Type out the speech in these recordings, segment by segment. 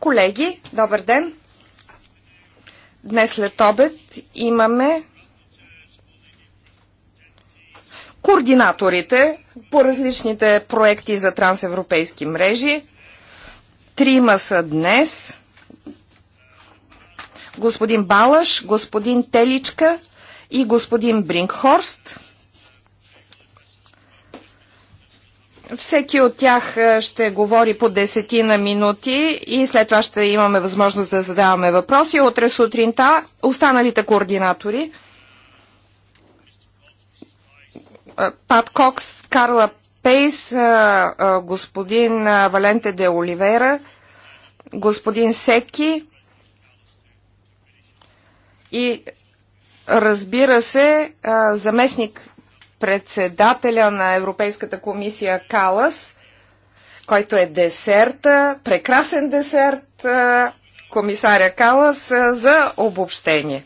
Колеги, добър ден! Днес след обед имаме координаторите по различните проекти за трансевропейски мрежи. Трима са днес. Господин Балаш, господин Теличка и господин Брингхорст. Всеки от тях е, ще говори по десетина минути и след това ще имаме възможност да задаваме въпроси. Утре сутринта останалите координатори е, Пат Кокс, Карла Пейс, е, господин Валенте де Оливера, господин Секи и разбира се заместник председателя на Европейската комисия Калас, който е десерта, прекрасен десерт, комисаря Калас за обобщение.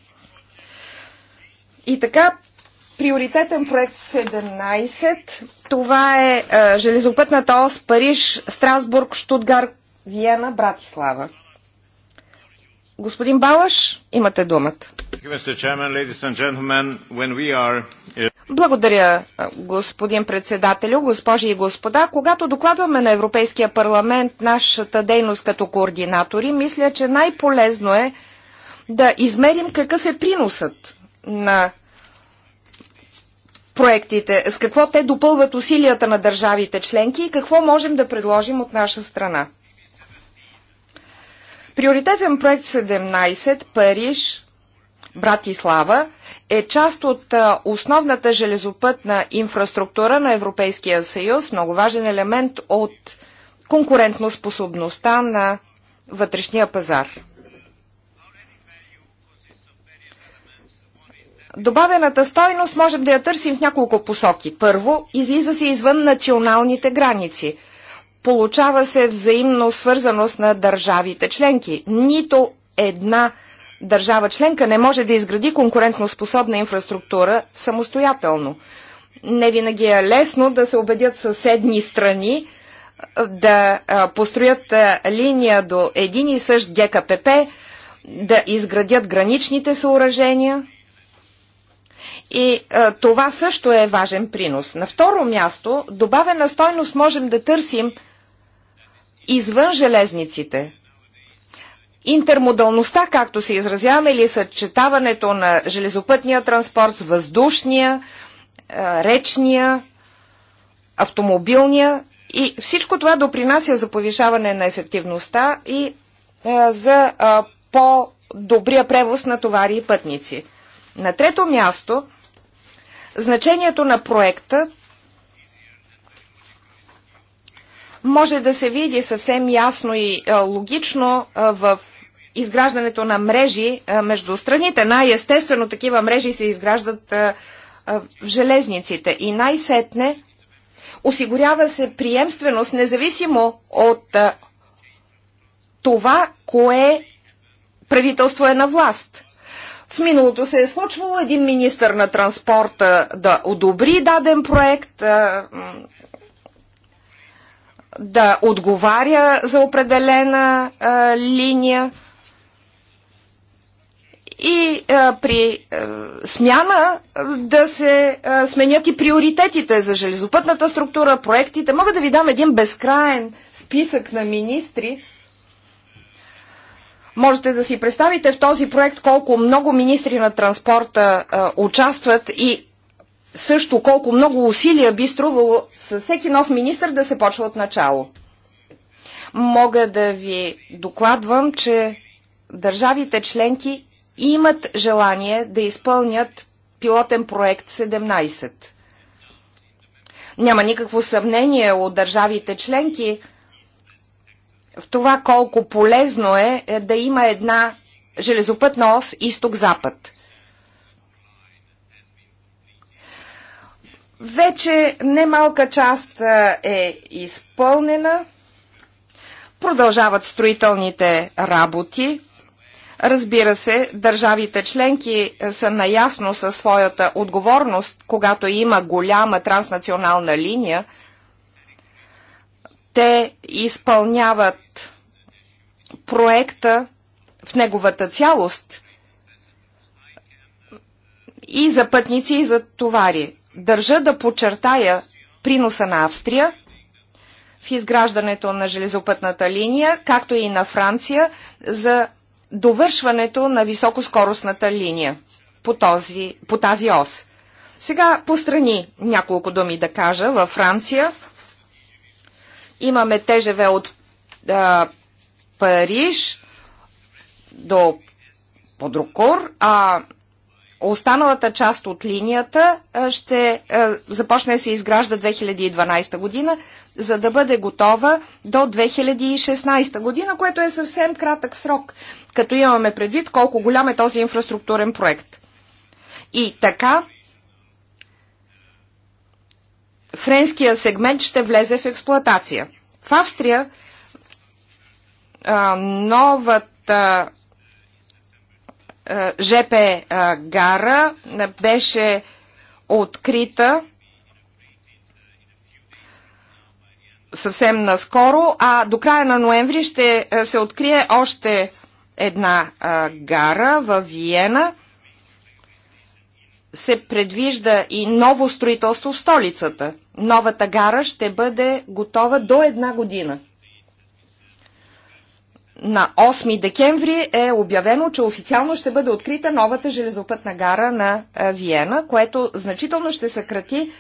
И така, приоритетен проект 17, това е, железопътната ос Париж, Страсбург, Штутгар, Виена, Братислава. Господин Балаш, имате думата. Благодаря, господин председателю, госпожи и господа. Когато докладваме на Европейския парламент нашата дейност като координатори, мисля, че най-полезно е да измерим какъв е приносът на проектите, с какво те допълват усилията на държавите членки и какво можем да предложим от наша страна. Приоритетен проект 17 Париж – Братислава е част от основната железопътна инфраструктура на Европейския съюз, много важен елемент от способността на вътрешния пазар. Добавената стойност можем да я търсим в няколко посоки. Първо, излиза се извън националните граници. Получава се взаимно свързаност на държавите членки. Нито една държава членка не може да изгради конкурентноспособна инфраструктура самостоятелно. Не винаги е лесно да се убедят съседни страни да построят линия до един и същ ГКПП, да изградят граничните съоръжения. И а, това също е важен принос. На второ място, добавена стойност можем да търсим извън железниците интермодалността, както се изразяваме, или съчетаването на железопътния транспорт с въздушния, е, речния, автомобилния и всичко това допринася за повишаване на ефективността и е, за е, по-добрия превоз на товари и пътници. На трето място, значението на проекта може да се види съвсем ясно и логично в изграждането на мрежи между страните. Най-естествено такива мрежи се изграждат в железниците. И най-сетне осигурява се приемственост, независимо от това, кое правителство е на власт. В миналото се е случвало един министър на транспорта да одобри даден проект, да отговаря за определена а, линия и а, при а, смяна да се а, сменят и приоритетите за железопътната структура, проектите. Мога да ви дам един безкраен списък на министри. Можете да си представите в този проект колко много министри на транспорта а, участват и също колко много усилия би струвало с всеки нов министр да се почва от начало. Мога да ви докладвам, че държавите членки имат желание да изпълнят пилотен проект 17. Няма никакво съмнение от държавите членки в това колко полезно е, е да има една железопътна ос изток-запад – Вече немалка част е изпълнена. Продължават строителните работи. Разбира се, държавите членки са наясно със своята отговорност, когато има голяма транснационална линия. Те изпълняват проекта в неговата цялост и за пътници, и за товари. Държа да подчертая приноса на Австрия в изграждането на железопътната линия, както и на Франция за довършването на високоскоростната линия по, този, по тази ос. Сега пострани няколко думи да кажа. Във Франция имаме тежеве от а, Париж до Подрокор, а Останалата част от линията ще започне да се изгражда 2012 година, за да бъде готова до 2016 година, което е съвсем кратък срок, като имаме предвид колко голям е този инфраструктурен проект. И така, френския сегмент ще влезе в експлоатация. В Австрия новата е, ЖП е, гара е, беше открита съвсем наскоро, а до края на ноември ще се открие още една гара в Виена. Се предвижда и ново строителство в столицата. Новата гара ще бъде готова до една година на 8 декември е обявено, че официално ще бъде открита новата железопътна гара на Виена, което значително ще съкрати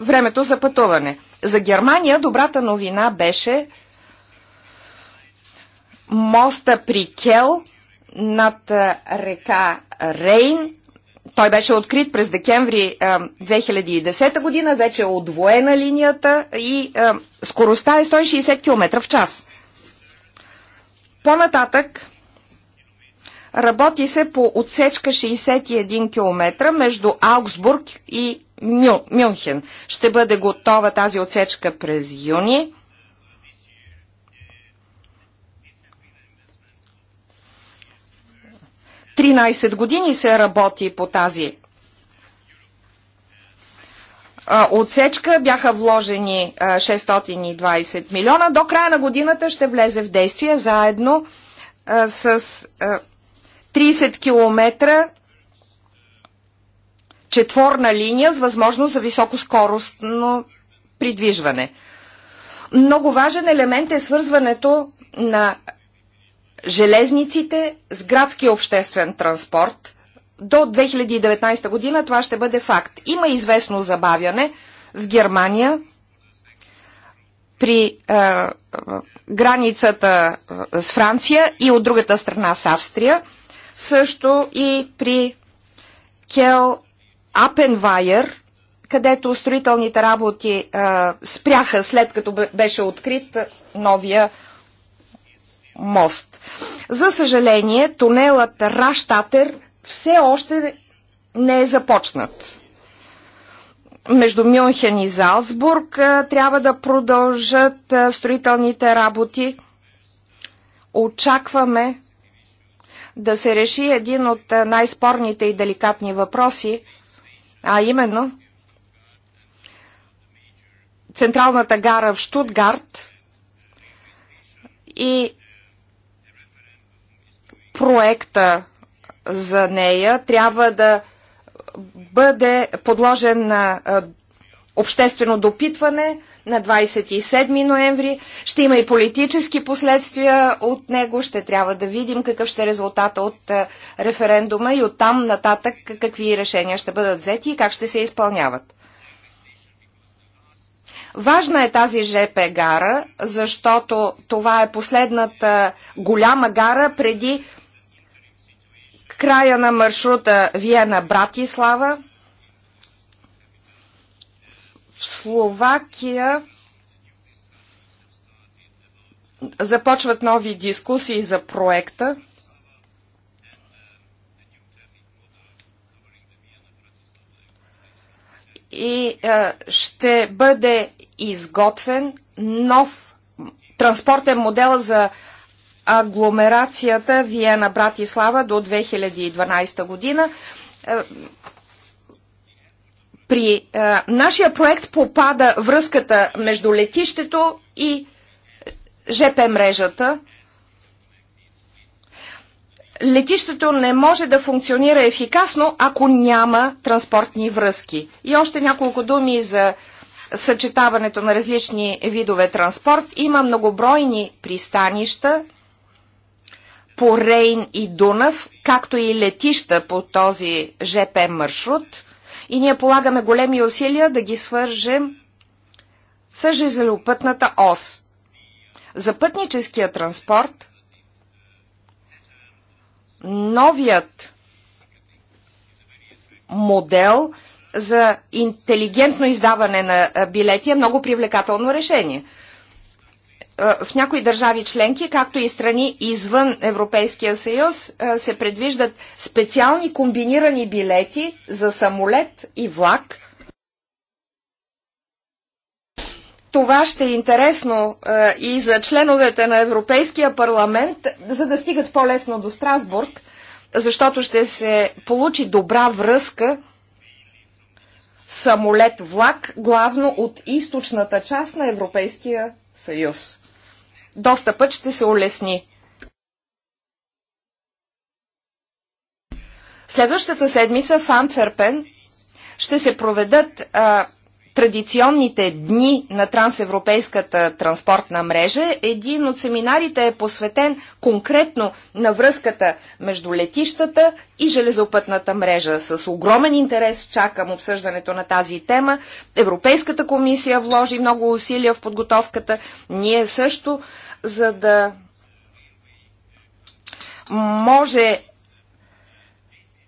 времето за пътуване. За Германия добрата новина беше моста при Кел над река Рейн. Той беше открит през декември 2010 година, вече е отвоена линията и скоростта е 160 км в час. По-нататък работи се по отсечка 61 км между Аугсбург и Мю, Мюнхен. Ще бъде готова тази отсечка през юни. Тринайсет години се работи по тази отсечка бяха вложени 620 милиона. До края на годината ще влезе в действие заедно с 30 км четворна линия с възможност за високоскоростно придвижване. Много важен елемент е свързването на железниците с градския обществен транспорт – до 2019 година това ще бъде факт. Има известно забавяне в Германия при е, е, границата с Франция и от другата страна с Австрия, също и при Кел Апенвайер, където строителните работи е, спряха след като беше открит новия мост. За съжаление, тунелът Раштатер все още не е започнат. Между Мюнхен и Залцбург трябва да продължат строителните работи. Очакваме да се реши един от най-спорните и деликатни въпроси, а именно централната гара в Штутгарт и проекта за нея трябва да бъде подложен на обществено допитване на 27 ноември. Ще има и политически последствия от него. Ще трябва да видим какъв ще е резултата от референдума и от там нататък какви решения ще бъдат взети и как ще се изпълняват. Важна е тази ЖП гара, защото това е последната голяма гара преди края на маршрута Виена-Братислава, в Словакия започват нови дискусии за проекта. И а, е, ще бъде изготвен нов транспортен модел за агломерацията Виена Братислава до 2012 година. Е, при а, е, нашия проект попада връзката между летището и ЖП мрежата. Летището не може да функционира ефикасно, ако няма транспортни връзки. И още няколко думи за съчетаването на различни видове транспорт. Има многобройни пристанища, по Рейн и Дунав, както и летища по този ЖП маршрут. И ние полагаме големи усилия да ги свържем с железопътната ос. За пътническия транспорт новият модел за интелигентно издаване на билети е много привлекателно решение – в някои държави членки, както и страни извън Европейския съюз, се предвиждат специални комбинирани билети за самолет и влак. Това ще е интересно и за членовете на Европейския парламент, за да стигат по-лесно до Страсбург, защото ще се получи добра връзка самолет-влак, главно от източната част на Европейския съюз достъпът ще се улесни. Следващата седмица в Антверпен ще се проведат а, традиционните дни на трансевропейската транспортна мрежа. Един от семинарите е посветен конкретно на връзката между летищата и железопътната мрежа. С огромен интерес чакам обсъждането на тази тема. Европейската комисия вложи много усилия в подготовката. Ние също, за да може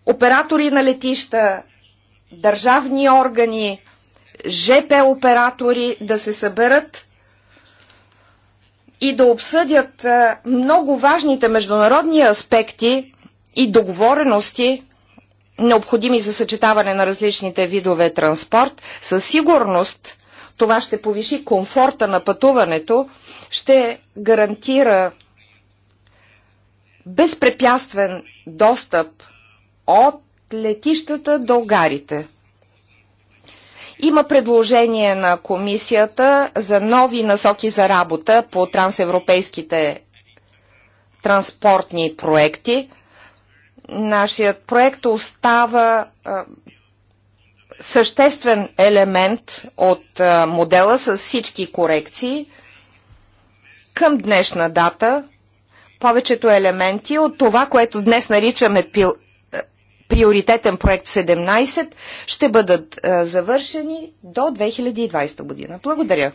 оператори на летища, държавни органи, ЖП оператори да се съберат и да обсъдят много важните международни аспекти и договорености, необходими за съчетаване на различните видове транспорт, със сигурност това ще повиши комфорта на пътуването, ще гарантира безпрепятствен достъп от летищата до гарите. Има предложение на комисията за нови насоки за работа по трансевропейските транспортни проекти. Нашият проект остава съществен елемент от модела с всички корекции. Към днешна дата повечето елементи от това, което днес наричаме пил, приоритетен проект 17 ще бъдат а, е, завършени до 2020 година. Благодаря.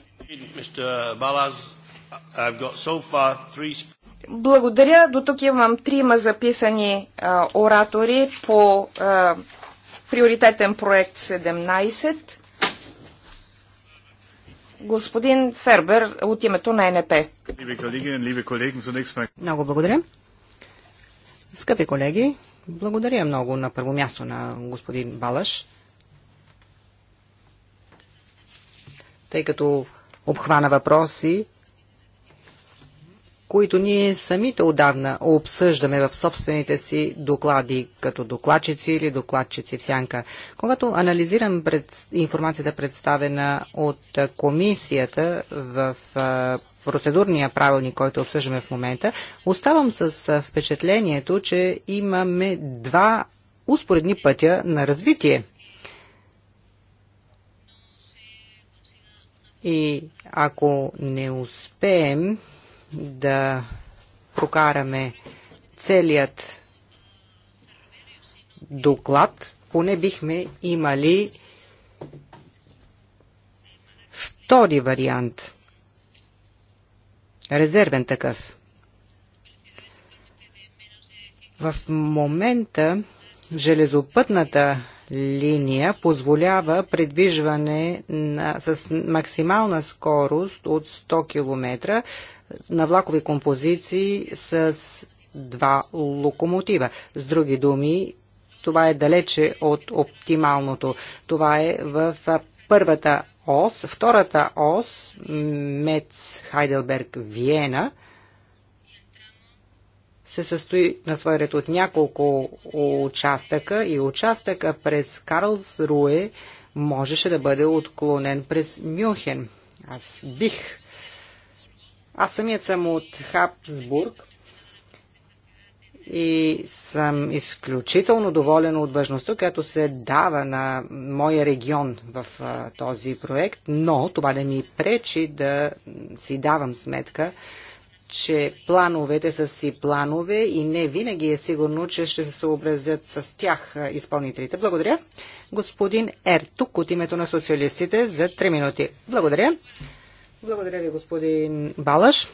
Благодаря. До тук имам трима записани а, е, оратори по а, е, приоритетен проект 17. Господин Фербер от името на НП. Много благодаря. Скъпи колеги, благодаря много на първо място на господин Балаш, тъй като обхвана въпроси, които ние самите отдавна обсъждаме в собствените си доклади, като докладчици или докладчици в сянка. Когато анализирам пред информацията представена от комисията в процедурния правилник, който обсъждаме в момента, оставам с впечатлението, че имаме два успоредни пътя на развитие. И ако не успеем да прокараме целият доклад, поне бихме имали втори вариант. Резервен такъв. В момента железопътната линия позволява предвижване на, с максимална скорост от 100 км на влакови композиции с два локомотива. С други думи, това е далече от оптималното. Това е в първата ос, втората ос, Мец Хайделберг Виена, се състои на свой ред от няколко участъка и участъка през Карлс Руе можеше да бъде отклонен през Мюнхен. Аз бих аз самият съм от Хабсбург и съм изключително доволен от важността, която се дава на моя регион в този проект, но това не ми пречи да си давам сметка, че плановете са си планове и не винаги е сигурно, че ще се съобразят с тях изпълнителите. Благодаря. Господин Ертук от името на социалистите за 3 минути. Благодаря. Благодаря ви, господин Балаш.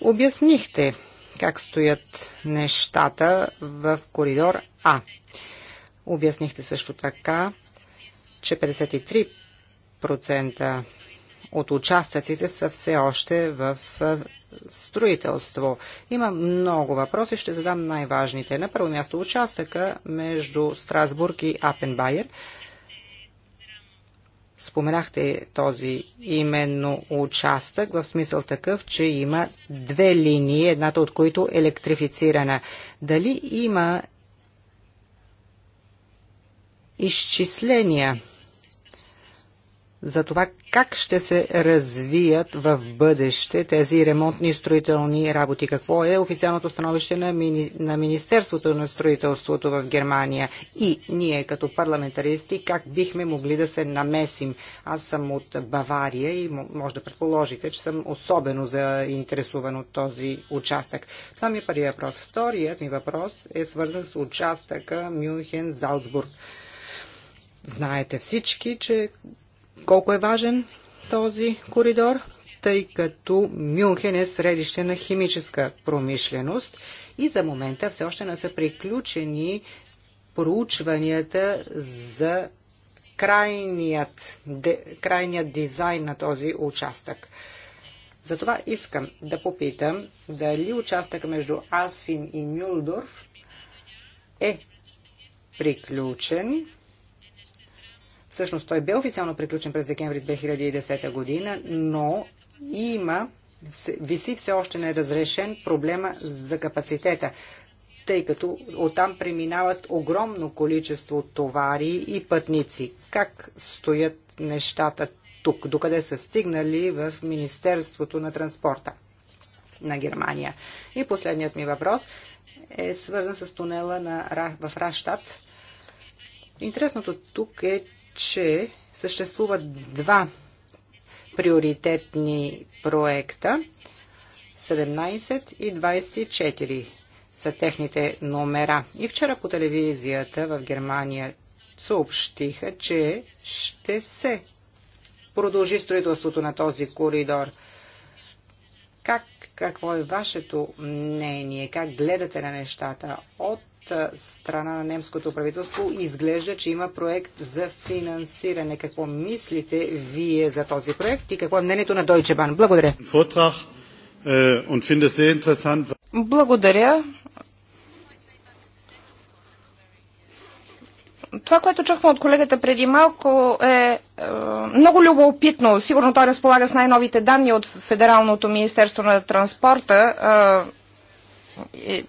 Обяснихте как стоят нещата в коридор А. Обяснихте също така, че 53% от участъците са все още в строителство. Има много въпроси, ще задам най-важните. На първо място участъка между Страсбург и Апенбайер – Споменахте този именно участък в смисъл такъв, че има две линии, едната от които е електрифицирана. Дали има изчисления за това как ще се развият в бъдеще тези ремонтни строителни работи. Какво е официалното становище на, мини... на Министерството на строителството в Германия и ние като парламентаристи как бихме могли да се намесим. Аз съм от Бавария и може да предположите, че съм особено заинтересуван от този участък. Това ми е първият въпрос. Вторият ми въпрос е свързан с участъка Мюнхен-Залцбург. Знаете всички, че колко е важен този коридор, тъй като Мюнхен е средище на химическа промишленост и за момента все още не са приключени проучванията за крайният, де, крайният дизайн на този участък. Затова искам да попитам дали участък между Асфин и Мюлдорф е приключен Всъщност той бе официално приключен през декември 2010 година, но има, виси все още неразрешен проблема за капацитета тъй като оттам преминават огромно количество товари и пътници. Как стоят нещата тук? Докъде са стигнали в Министерството на транспорта на Германия? И последният ми въпрос е свързан с тунела на, в Раштат. Интересното тук е, че съществуват два приоритетни проекта 17 и 24 са техните номера. И вчера по телевизията в Германия съобщиха, че ще се продължи строителството на този коридор. Как, какво е вашето мнение? Как гледате на нещата от страна на немското правителство изглежда, че има проект за финансиране. Какво мислите вие за този проект и какво е мнението на Deutsche Bank? Благодаря. Э, Благодаря. това, което чухме от колегата преди малко е, е много любопитно. Сигурно той разполага с най-новите данни от Федералното Министерство на транспорта. Е, е,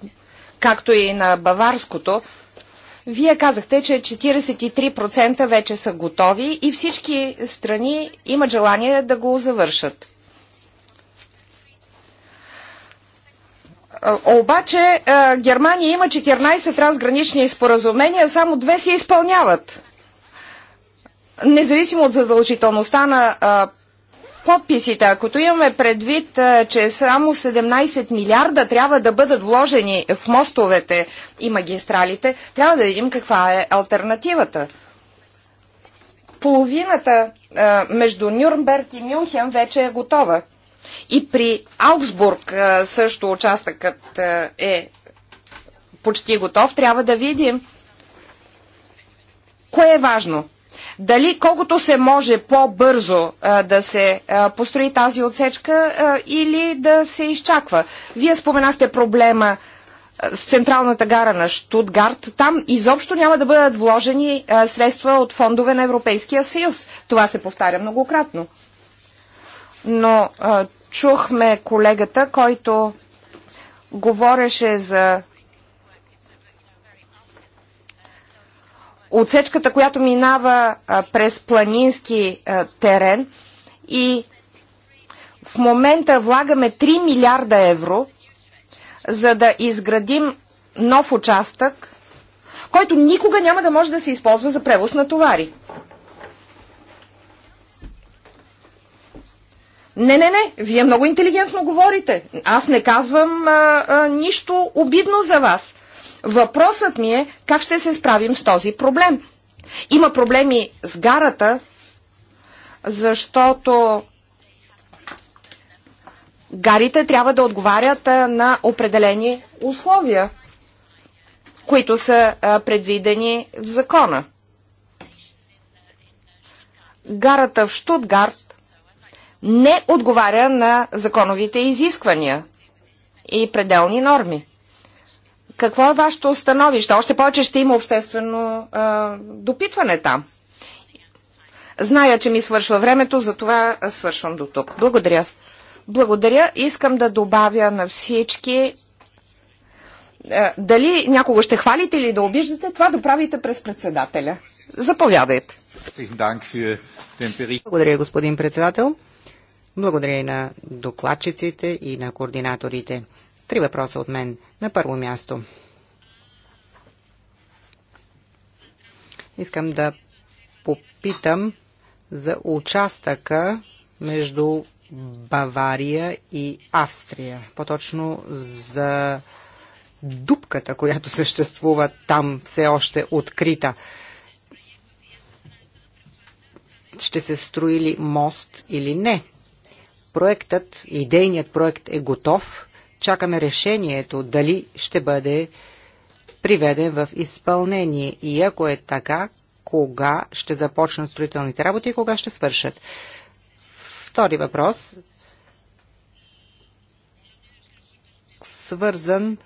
както и на баварското, вие казахте, че 43% вече са готови и всички страни имат желание да го завършат. Обаче Германия има 14 трансгранични споразумения, само две се изпълняват. Независимо от задължителността на подписите. Акото имаме предвид, че само 17 милиарда трябва да бъдат вложени в мостовете и магистралите, трябва да видим каква е альтернативата. Половината между Нюрнберг и Мюнхен вече е готова. И при Аугсбург също участъкът е почти готов. Трябва да видим кое е важно дали колкото се може по-бързо да се построи тази отсечка или да се изчаква. Вие споменахте проблема с централната гара на Штутгарт. Там изобщо няма да бъдат вложени средства от фондове на Европейския съюз. Това се повтаря многократно. Но чухме колегата, който говореше за отсечката, която минава през планински терен и в момента влагаме 3 милиарда евро, за да изградим нов участък, който никога няма да може да се използва за превоз на товари. Не, не, не, вие много интелигентно говорите. Аз не казвам а, а, нищо обидно за вас. Въпросът ми е как ще се справим с този проблем. Има проблеми с гарата, защото гарите трябва да отговарят на определени условия, които са предвидени в закона. Гарата в Штутгарт не отговаря на законовите изисквания и пределни норми. Какво е вашето становище? Още повече ще има обществено а, допитване там. Зная, че ми свършва времето, затова свършвам до тук. Благодаря. Благодаря. Искам да добавя на всички. Дали някого ще хвалите или да обиждате, това да правите през председателя. Заповядайте. Благодаря, господин председател. Благодаря и на докладчиците и на координаторите. Три въпроса от мен. На първо място. Искам да попитам за участъка между Бавария и Австрия. По-точно за дупката, която съществува там все още открита. Ще се строи ли мост или не? Проектът, идейният проект е готов, чакаме решението дали ще бъде приведен в изпълнение и ако е така, кога ще започнат строителните работи и кога ще свършат. Втори въпрос, свързан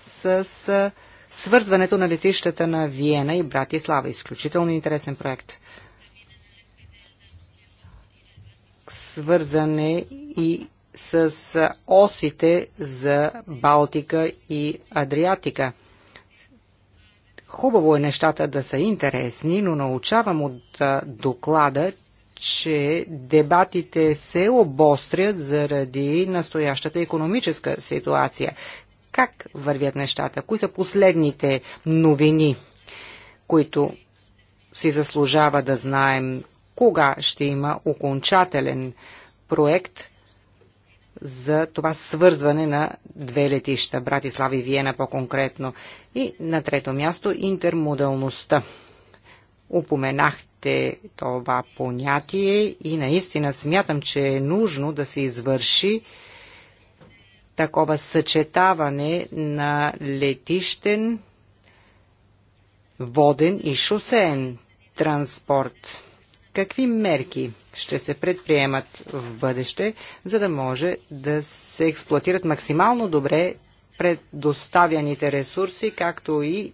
с свързването на летищата на Виена и Братислава. Изключително интересен проект. Свързане и с осите за Балтика и Адриатика. Хубаво е нещата да са интересни, но научавам от доклада, че дебатите се обострят заради настоящата економическа ситуация. Как вървят нещата? Кои са последните новини, които си заслужава да знаем кога ще има окончателен проект за това свързване на две летища, Братислава и Виена по-конкретно. И на трето място интермодалността. Упоменахте това понятие и наистина смятам, че е нужно да се извърши такова съчетаване на летищен, воден и шосеен транспорт. Какви мерки ще се предприемат в бъдеще, за да може да се експлуатират максимално добре предоставяните ресурси, както и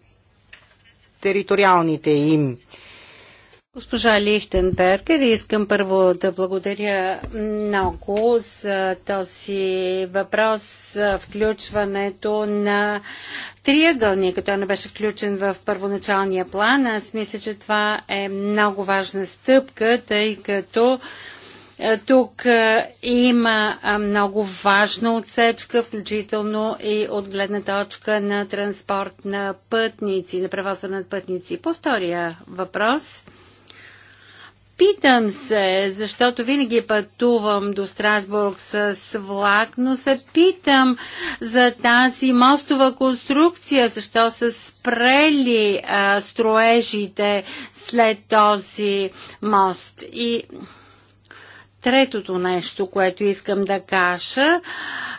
териториалните им ресурси? Госпожа Лихтенбергер, искам първо да благодаря много за този въпрос, за включването на триъгълника. Той не беше включен в първоначалния план. Аз мисля, че това е много важна стъпка, тъй като е, тук е, има е, много важна отсечка, включително и от гледна точка на транспорт на пътници, на превозване на пътници. По втория въпрос – Питам се, защото винаги пътувам до Страсбург с влак, но се питам за тази мостова конструкция, защо са спрели а, строежите след този мост. И третото нещо, което искам да кажа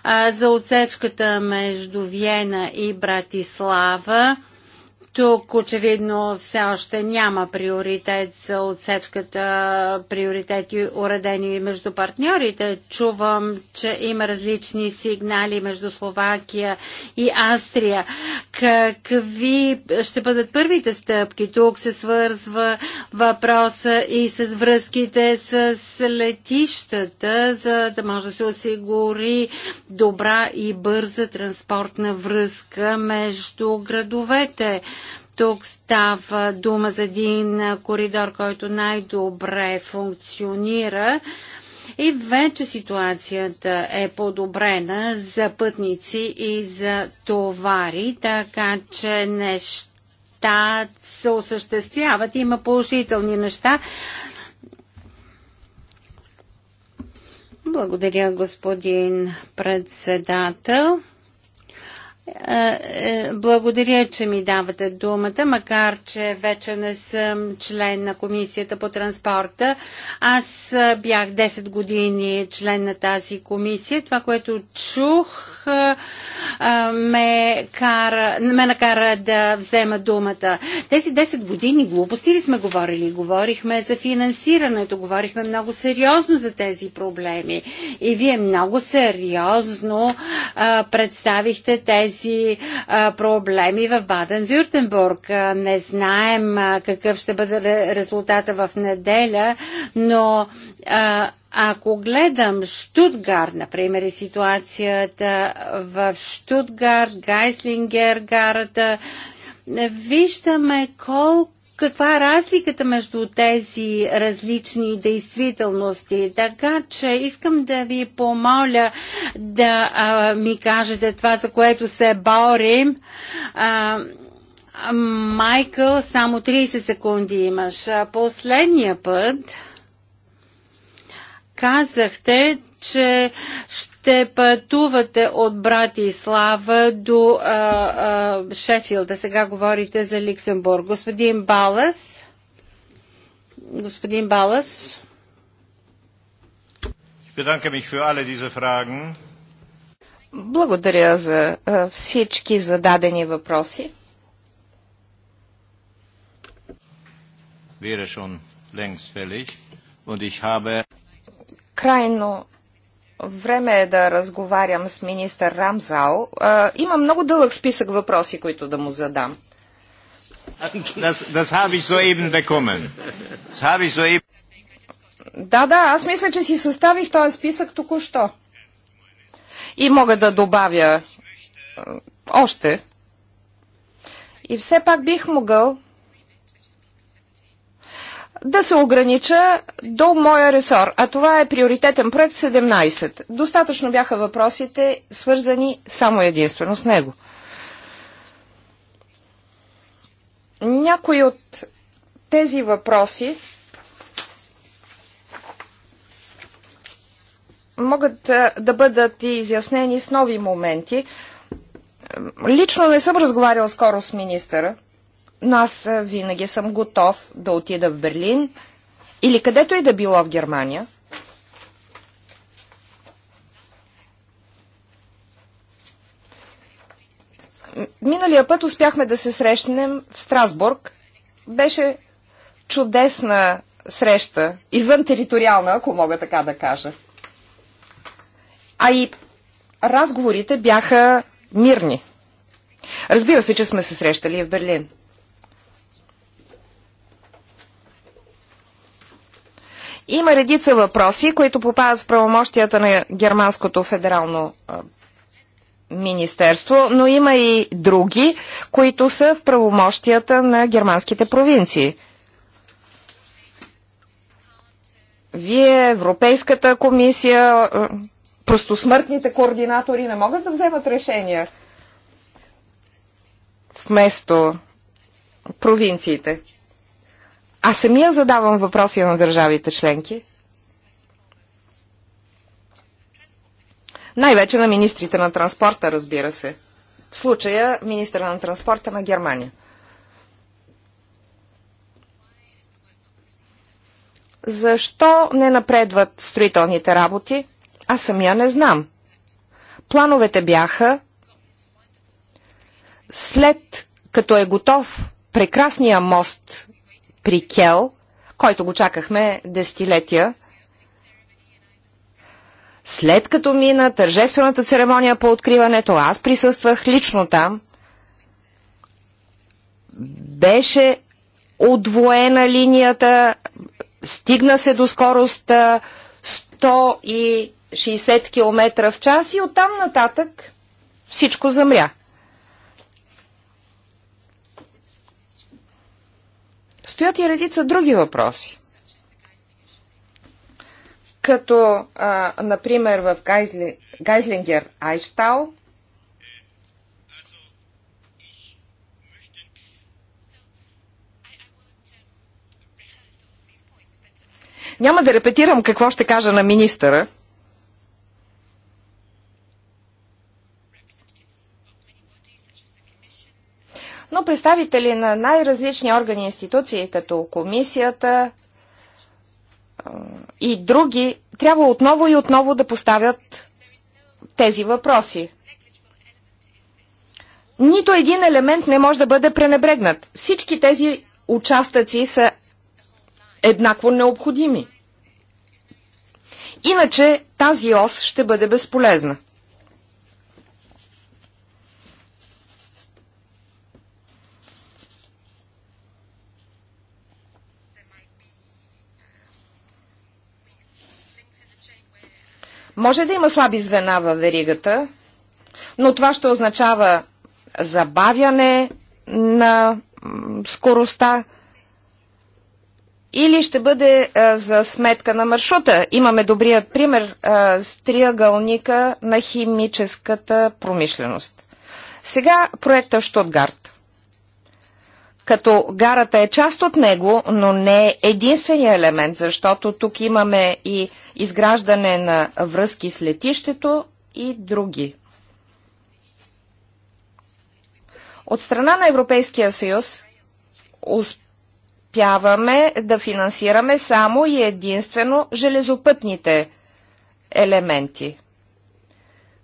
а, за отсечката между Виена и Братислава. Тук очевидно все още няма приоритет за отсечката, приоритети уредени между партньорите. Чувам, че има различни сигнали между Словакия и Австрия. Какви ще бъдат първите стъпки? Тук се свързва въпроса и с връзките с летищата, за да може да се осигури добра и бърза транспортна връзка между градовете. Тук става дума за един коридор, който най-добре функционира и вече ситуацията е подобрена за пътници и за товари, така че неща се осъществяват. Има положителни неща. Благодаря, господин председател. Е, е, благодаря, че ми давате думата, макар че вече не съм член на Комисията по транспорта. Аз е, бях 10 години член на тази комисия. Това, което чух, ме, кара, ме накара да взема думата. Тези 10 години глупости ли сме говорили? Говорихме за финансирането, говорихме много сериозно за тези проблеми. И вие много сериозно представихте тези тези а, проблеми в Баден-Вюртенбург. Не знаем а, какъв ще бъде резултата в неделя, но а, ако гледам Штутгар, например, и ситуацията в Штутгар, Гайслингер, гарата, виждаме колко каква е разликата между тези различни действителности. Така че искам да ви помоля да а, ми кажете това, за което се борим. А, Майкъл, само 30 секунди имаш. Последния път Казахте, че ще пътувате от Братислава до а, а, Шефилда. сега говорите за Люксембург. Господин Балас. Господин Балас. Благодаря за всички зададени въпроси крайно време е да разговарям с министър Рамзал. А, има много дълъг списък въпроси, които да му задам. Das, das да, да, аз мисля, че си съставих този списък току-що. И мога да добавя още. И все пак бих могъл да се огранича до моя ресор, а това е приоритетен проект 17. Достатъчно бяха въпросите, свързани само единствено с него. Някои от тези въпроси могат да бъдат и изяснени с нови моменти. Лично не съм разговарял скоро с министъра, но аз винаги съм готов да отида в Берлин или където и да било в Германия. Миналия път успяхме да се срещнем в Страсбург. Беше чудесна среща, извън териториална, ако мога така да кажа. А и разговорите бяха мирни. Разбира се, че сме се срещали в Берлин. Има редица въпроси, които попадат в правомощията на Германското федерално министерство, но има и други, които са в правомощията на германските провинции. Вие, Европейската комисия, просто смъртните координатори не могат да вземат решения вместо провинциите. А самия задавам въпроси на държавите членки. Най-вече на министрите на транспорта, разбира се. В случая министра на транспорта на Германия. Защо не напредват строителните работи? Аз самия не знам. Плановете бяха след като е готов прекрасния мост при Кел, който го чакахме десетилетия. След като мина тържествената церемония по откриването, аз присъствах лично там. Беше отвоена линията, стигна се до скорост 160 км в час и оттам нататък всичко замря. Стоят и редица други въпроси. Като, а, например, в Гайзли, Гайзлингер Айштал, Няма да репетирам какво ще кажа на министъра, но представители на най-различни органи и институции, като комисията и други, трябва отново и отново да поставят тези въпроси. Нито един елемент не може да бъде пренебрегнат. Всички тези участъци са еднакво необходими. Иначе тази ос ще бъде безполезна. Може да има слаби звена в веригата, но това ще означава забавяне на скоростта или ще бъде а, за сметка на маршрута. Имаме добрият пример а, с триъгълника на химическата промишленост. Сега проекта Штутгарт като гарата е част от него, но не е единствения елемент, защото тук имаме и изграждане на връзки с летището и други. От страна на Европейския съюз успяваме да финансираме само и единствено железопътните елементи.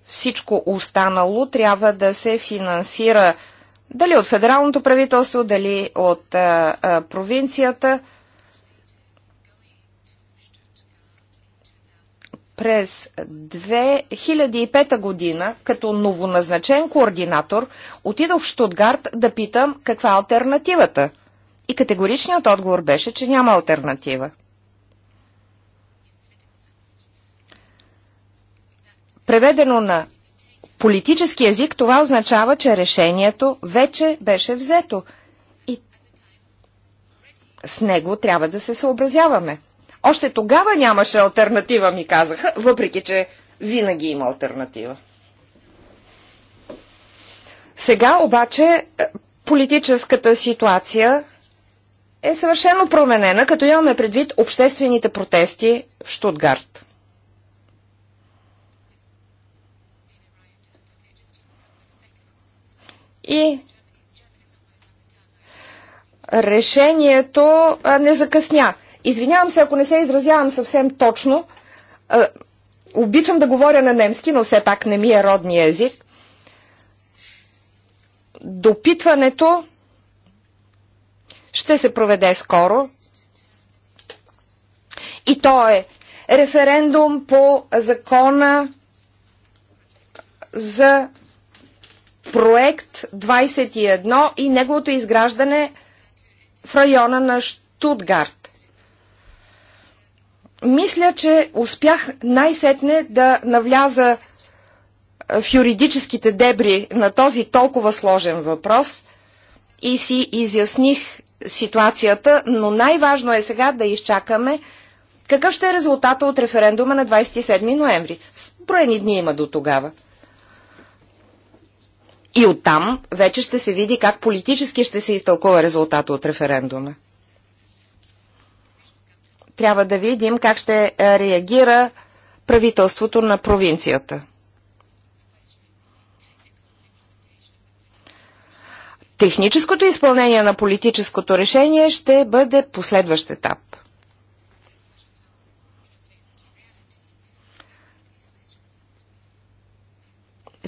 Всичко останало трябва да се финансира дали от федералното правителство, дали от а, а, провинцията. През 2005 година, като новоназначен координатор, отидох в Штутгарт да питам каква е альтернативата. И категоричният отговор беше, че няма альтернатива. Преведено на политически език това означава, че решението вече беше взето. И с него трябва да се съобразяваме. Още тогава нямаше альтернатива, ми казаха, въпреки че винаги има альтернатива. Сега обаче е, политическата ситуация е съвършено променена, като имаме предвид обществените протести в Штутгарт. и решението не закъсня. Извинявам се, ако не се изразявам съвсем точно. Обичам да говоря на немски, но все пак не ми е родния език. Допитването ще се проведе скоро. И то е референдум по закона за проект 21 и неговото изграждане в района на Штутгарт. Мисля, че успях най-сетне да навляза е, в юридическите дебри на този толкова сложен въпрос и си изясних ситуацията, но най-важно е сега да изчакаме какъв ще е резултата от референдума на 27 ноември. Броени дни има до тогава. И оттам вече ще се види как политически ще се изтълкува резултата от референдума. Трябва да видим как ще е, реагира правителството на провинцията. Техническото изпълнение на политическото решение ще бъде последващ етап –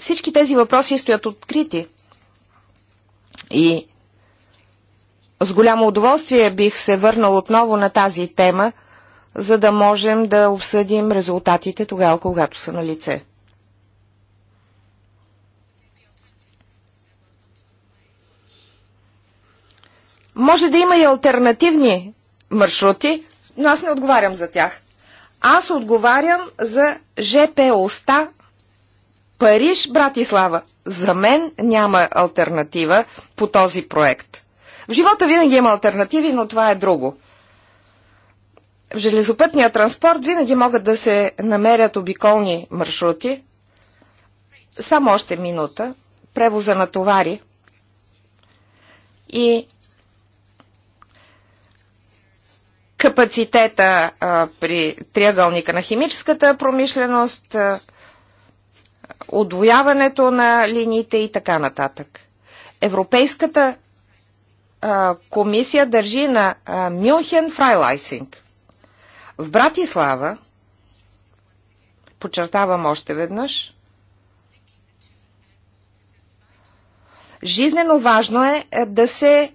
Всички тези въпроси стоят открити. И с голямо удоволствие бих се върнал отново на тази тема, за да можем да обсъдим резултатите тогава, когато са на лице. Може да има и альтернативни маршрути, но аз не отговарям за тях. Аз отговарям за ЖП Оста Париж, Братислава, за мен няма альтернатива по този проект. В живота винаги има альтернативи, но това е друго. В железопътния транспорт винаги могат да се намерят обиколни маршрути. Само още минута. Превоза на товари. И капацитета а, при триъгълника на химическата промишленост, а, отвояването на линиите и така нататък. Европейската а, комисия държи на а, Мюнхен фрайлайсинг. В Братислава, подчертавам още веднъж, жизнено важно е, е да се е,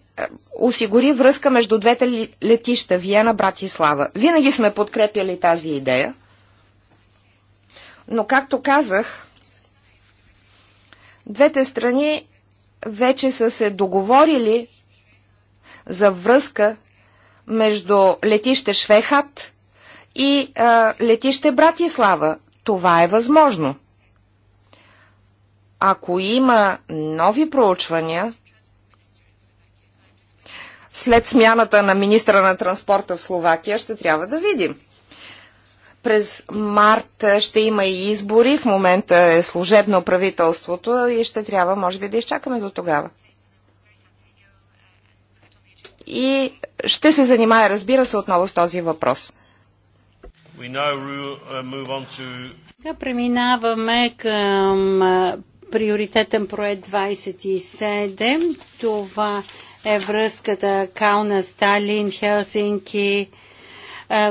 осигури връзка между двете летища Виена, Братислава. Винаги сме подкрепяли тази идея, но както казах, Двете страни вече са се договорили за връзка между летище Швехат и а, летище Братислава. Това е възможно. Ако има нови проучвания, след смяната на министра на транспорта в Словакия, ще трябва да видим. През март ще има и избори. В момента е служебно правителството и ще трябва, може би, да изчакаме до тогава. И ще се занимая, разбира се, отново с този въпрос. Uh, да преминаваме към приоритетен проект 27. Това е връзката Кауна, Сталин, Хелсинки,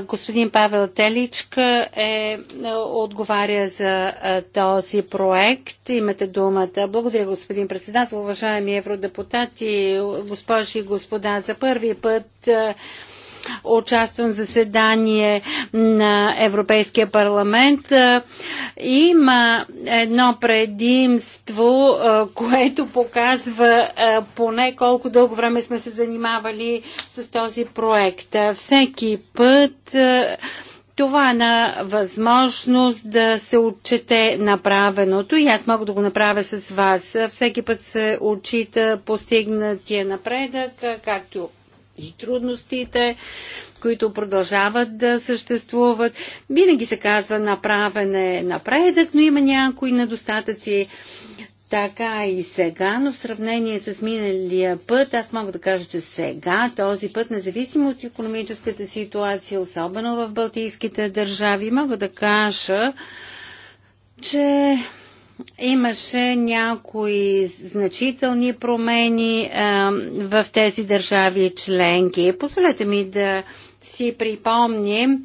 Господин Павел Теличка е, е отговаря за този проект. Имате думата. Благодаря, господин председател, уважаеми евродепутати, госпожи и господа. За първи път участвам в заседание на Европейския парламент. Е, има едно предимство, е, което показва е, поне колко дълго време сме се занимавали с този проект. Всеки път това е на възможност да се отчете направеното и аз мога да го направя с вас. Всеки път се отчита постигнатия напредък, както и трудностите, които продължават да съществуват. Винаги се казва направене е напредък, но има някои недостатъци. Така и сега, но в сравнение с миналия път, аз мога да кажа, че сега, този път, независимо от економическата ситуация, особено в Балтийските държави, мога да кажа, че имаше някои значителни промени е, в тези държави членки. Позволете ми да си припомним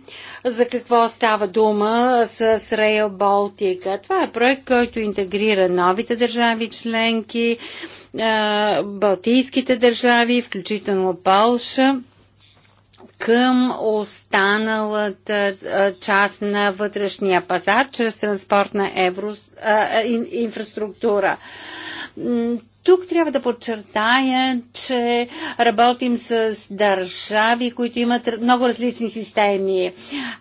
за какво става дума с Rail Baltica. Това е проект, който интегрира новите държави членки, е, балтийските държави, включително Полша към останалата част на вътрешния пазар чрез транспортна евро, а, инфраструктура. Тук трябва да подчертая, че работим с държави, които имат много различни системи.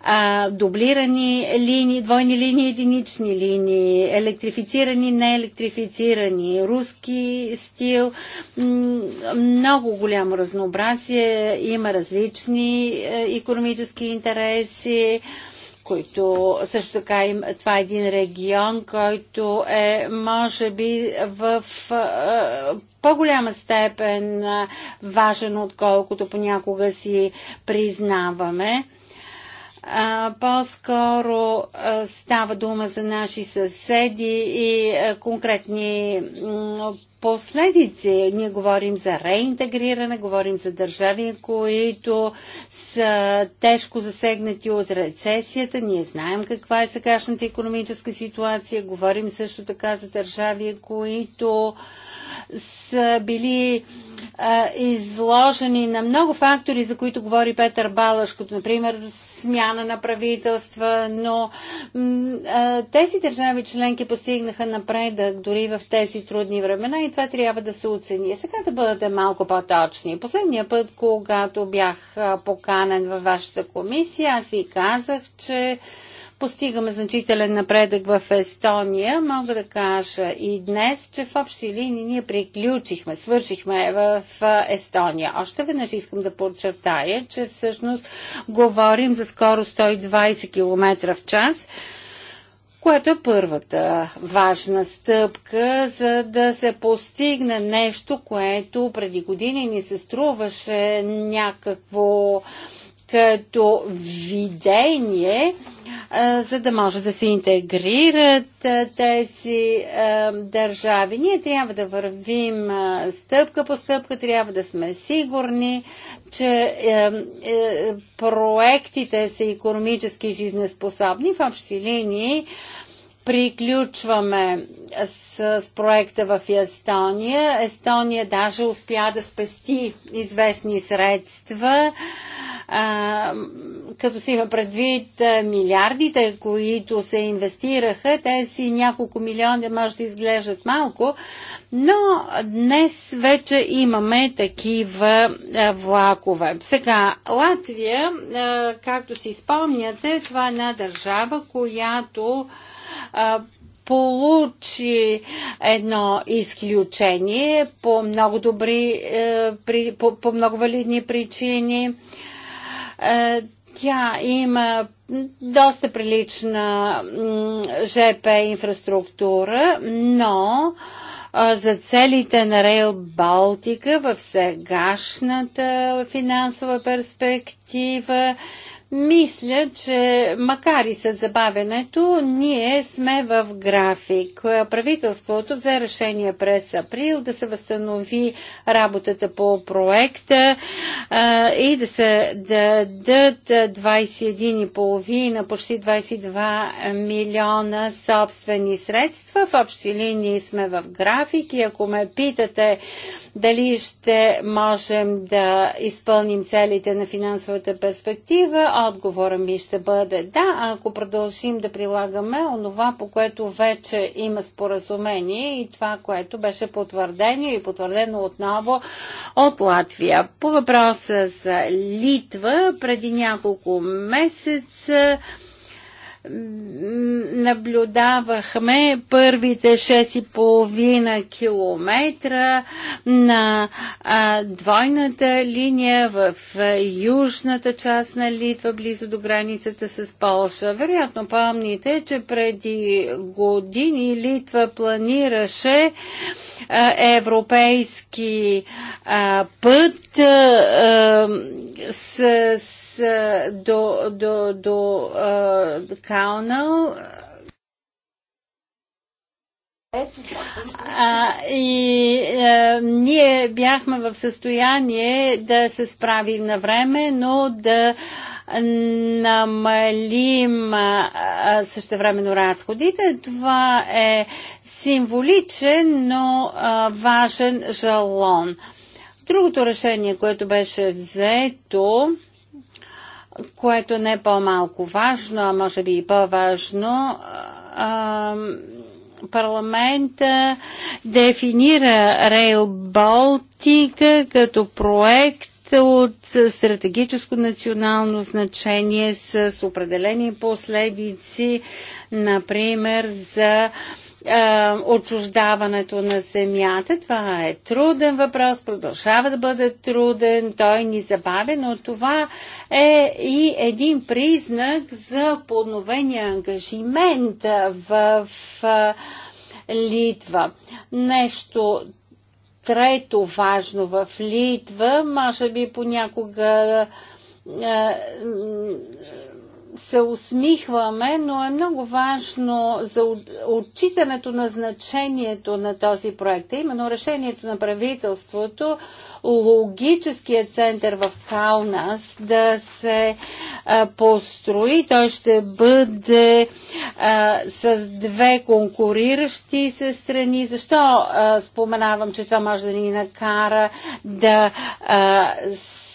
А, дублирани линии, двойни линии, единични линии, електрифицирани, неелектрифицирани, руски стил. Много голямо разнообразие, има различни економически интереси които също така им, това е един регион, който е, може би, в а, по-голяма степен важен, отколкото понякога си признаваме. По-скоро става дума за наши съседи и конкретни последици. Ние говорим за реинтегриране, говорим за държави, които са тежко засегнати от рецесията. Ние знаем каква е сегашната економическа ситуация. Говорим също така за държави, които са били изложени на много фактори, за които говори Петър Балаш, като например смяна на правителства, но тези държави членки постигнаха напредък дори в тези трудни времена и това трябва да се оцени. Сега да бъдете малко по-точни. Последния път, когато бях поканен във вашата комисия, аз ви казах, че Постигаме значителен напредък в Естония. Мога да кажа и днес, че в общи линии ние приключихме, свършихме в Естония. Още веднъж искам да подчертая, че всъщност говорим за скоро 120 км в час което е първата важна стъпка, за да се постигне нещо, което преди години ни се струваше някакво като видение, за да може да се интегрират тези държави. Ние трябва да вървим стъпка по стъпка, трябва да сме сигурни, че е, проектите са економически жизнеспособни в общи линии. Приключваме с, с проекта в Естония. Естония даже успя да спести известни средства а, като се има предвид милиардите, които се инвестираха, тези няколко милиона може да изглеждат малко, но днес вече имаме такива влакове. Сега, Латвия, както си спомняте, това е една държава, която получи едно изключение по много добри, е, по, по много валидни причини. Е, тя има доста прилична ЖП инфраструктура, но за целите на Рейл Балтика в сегашната финансова перспектива мисля, че макар и с забавянето, ние сме в график. Правителството взе решение през април да се възстанови работата по проекта а, и да се дадат 21,5, почти 22 милиона собствени средства. В общи линии сме в график и ако ме питате дали ще можем да изпълним целите на финансовата перспектива, Отговора ми ще бъде да, ако продължим да прилагаме онова, по което вече има споразумение и това, което беше потвърдено и потвърдено отново от Латвия. По въпроса за Литва преди няколко месеца наблюдавахме първите 6,5 километра на а, двойната линия в южната част на Литва, близо до границата с Полша. Вероятно помните, че преди години Литва планираше а, европейски а, път а, а, с до, до, до Каунал. А, и а, ние бяхме в състояние да се справим на време, но да намалим същевременно разходите. Това е символичен, но а, важен жалон. Другото решение, което беше взето, което е не е по-малко важно, а може би и по-важно, парламента дефинира Рейл Балтика като проект от стратегическо национално значение с определени последици, например за е, отчуждаването на земята. Това е труден въпрос, продължава да бъде труден, той ни забавя, но това е и един признак за подновения ангажимент в, в е, Литва. Нещо трето важно в Литва, може би понякога е, се усмихваме, но е много важно за отчитането на значението на този проект. именно решението на правителството, логическия център в Каунас да се построи. Той ще бъде а, с две конкуриращи се страни. Защо а, споменавам, че това може да ни накара да а,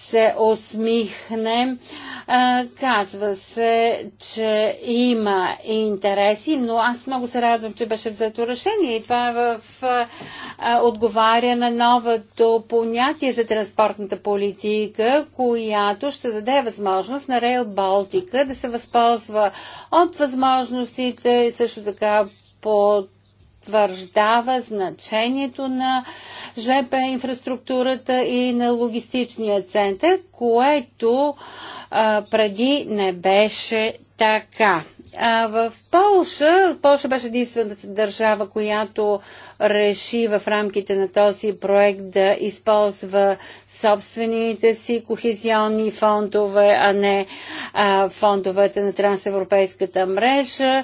се усмихне. Казва се, че има интереси, но аз много се радвам, че беше взето решение и това е в отговаря на новото понятие за транспортната политика, която ще даде възможност на Рейл Балтика да се възползва от възможностите, също така под потвърждава значението на ЖП инфраструктурата и на логистичния център, което а, преди не беше така. А в Полша, Полша беше единствената държава, която реши в рамките на този проект да използва собствените си кохезионни фондове, а не а, фондовете на трансевропейската мрежа.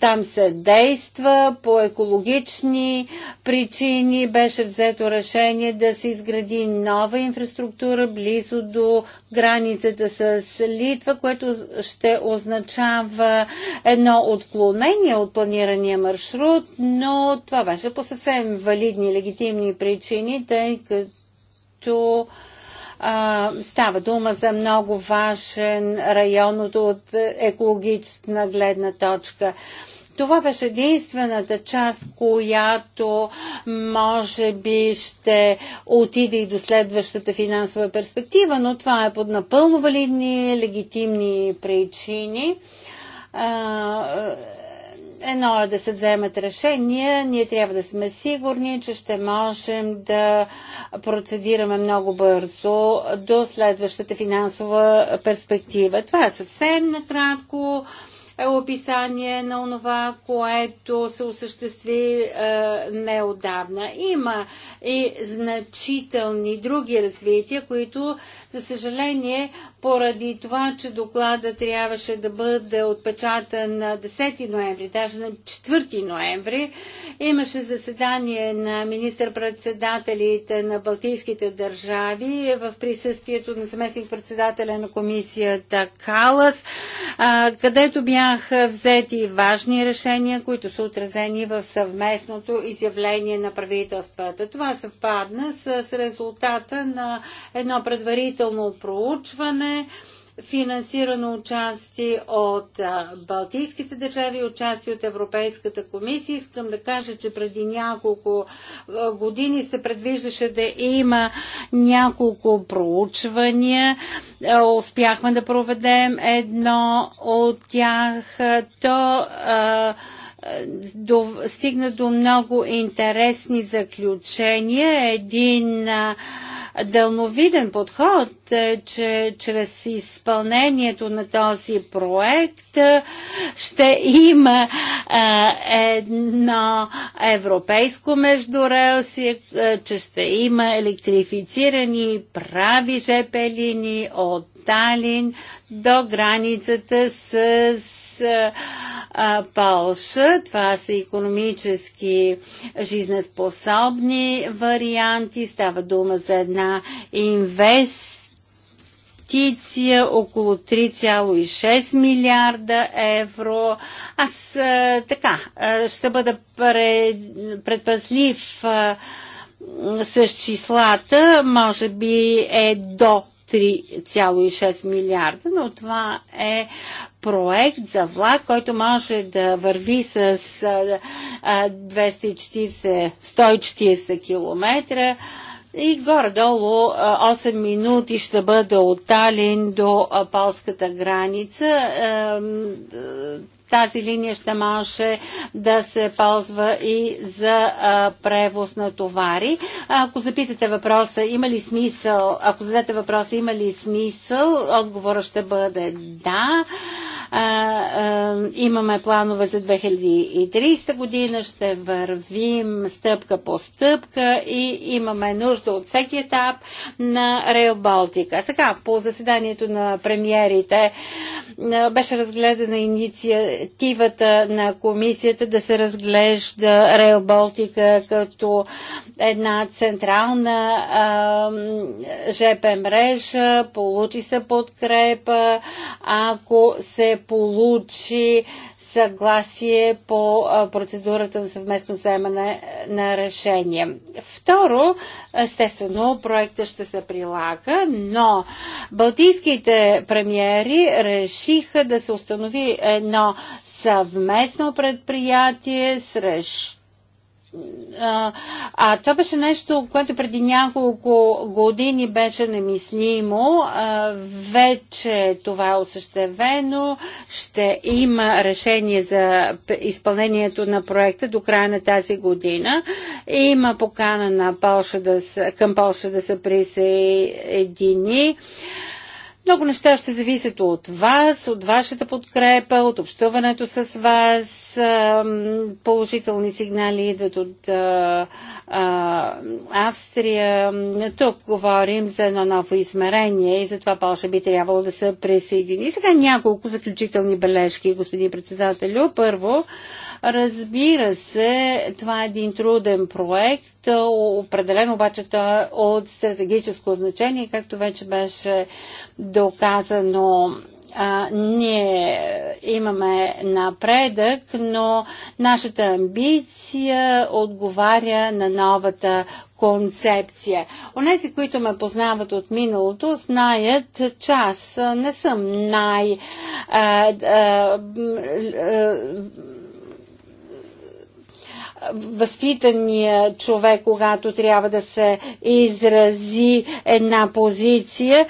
там се действа по екологични причини. Беше взето решение да се изгради нова инфраструктура близо до границата с Литва, което ще означава едно отклонение от планирания маршрут, но но това беше по съвсем валидни, легитимни причини, тъй като а, става дума за много важен район от екологична гледна точка. Това беше единствената част, която може би ще отиде и до следващата финансова перспектива, но това е под напълно валидни, легитимни причини. Едно е да се вземат решения, ние трябва да сме сигурни, че ще можем да процедираме много бързо до следващата финансова перспектива. Това е съвсем накратко е описание на онова, което се осъществи е, неодавна. Има и значителни други развития, които, за съжаление, поради това, че доклада трябваше да бъде отпечатан на 10 ноември, даже на 4 ноември. Имаше заседание на министър-председателите на Балтийските държави в присъствието на заместник-председателя на комисията Калас, където бяха взети важни решения, които са отразени в съвместното изявление на правителствата. Това съвпадна с резултата на едно предварително проучване финансирано участие от Балтийските държави, участие от Европейската комисия. Искам да кажа, че преди няколко години се предвиждаше да има няколко проучвания. Успяхме да проведем едно от тях. То до, стигна до много интересни заключения. Един а, дълновиден подход, е, че чрез изпълнението на този проект е, ще има е, едно европейско междурелси, че ще има електрифицирани прави ЖП линии от Талин до границата с а, Полша. Това са економически жизнеспособни варианти. Става дума за една инвест инвестиция около 3,6 милиарда евро. Аз а, така ще бъда предпазлив с числата, може би е до 3,6 милиарда, но това е проект за влак, който може да върви с 240-140 км и горе-долу 8 минути ще бъде от Талин до полската граница тази линия ще може да се ползва и за превоз на товари. Ако запитате въпроса, има ли смисъл, ако зададете въпроса, има ли смисъл, отговора ще бъде да. Имаме планове за 2030 година, ще вървим стъпка по стъпка и имаме нужда от всеки етап на Рейл Балтика. Сега, по заседанието на премиерите беше разгледана инициативата на комисията да се разглежда Рейл Балтика като една централна а, ЖП мрежа, получи се подкрепа, ако се получи съгласие по процедурата за съвместно вземане на решение. Второ, естествено, проекта ще се прилага, но балтийските премиери решиха да се установи едно съвместно предприятие срещу а, а това беше нещо, което преди няколко години беше немислимо. А, вече това е осъщевено. Ще има решение за изпълнението на проекта до края на тази година. Има покана на Полша да, към Полша да се присъедини. А, много неща ще зависят от вас, от вашата подкрепа, от общуването с вас. Положителни сигнали идват от Австрия. Тук говорим за едно ново измерение и затова Польша би трябвало да се присъедини. Сега няколко заключителни бележки, господин председателю. Първо, Разбира се, това е един труден проект, определен обаче той е от стратегическо значение, както вече беше доказано а, ние имаме напредък, но нашата амбиция отговаря на новата концепция. Онези, които ме познават от миналото, знаят, че аз не съм най- а, а, а, възпитания човек, когато трябва да се изрази една позиция.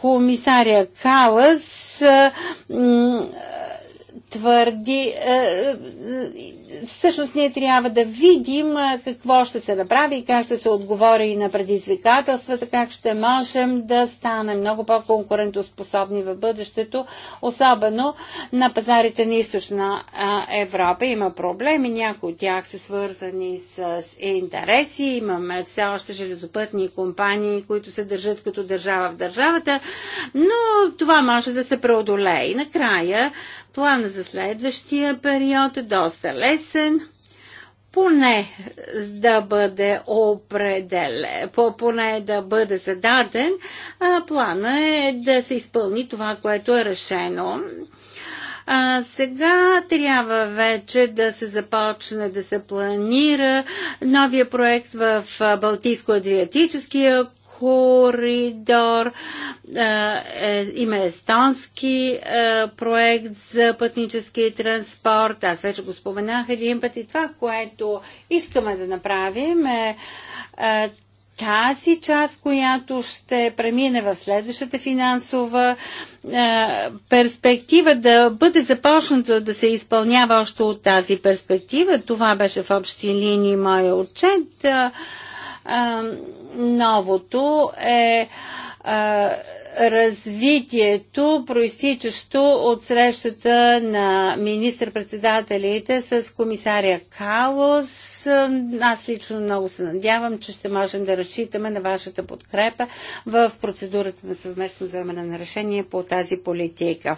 Комисаря Калас твърди всъщност ние трябва да видим какво ще се направи, как ще се отговори на предизвикателствата, как ще можем да станем много по-конкурентоспособни в бъдещето, особено на пазарите на източна Европа. Има проблеми, някои от тях са свързани с интереси, имаме все още железопътни компании, които се държат като държава в държавата, но това може да се преодолее. И накрая плана за следващия период е доста лесен песен, поне да бъде определен, по поне да бъде зададен, а плана е да се изпълни това, което е решено. А, сега трябва вече да се започне да се планира новия проект в Балтийско-Адриатическия коридор. Е, е, има естонски е, проект за пътнически транспорт. Аз вече го споменах един път и това, което искаме да направим е тази част, която ще премине в следващата финансова перспектива, да бъде започната да се изпълнява още от тази перспектива. Това беше в общи линии моя отчет новото е развитието, проистичащо от срещата на министр-председателите с комисаря Калос. Аз лично много се надявам, че ще можем да разчитаме на вашата подкрепа в процедурата на съвместно вземане на решение по тази политика.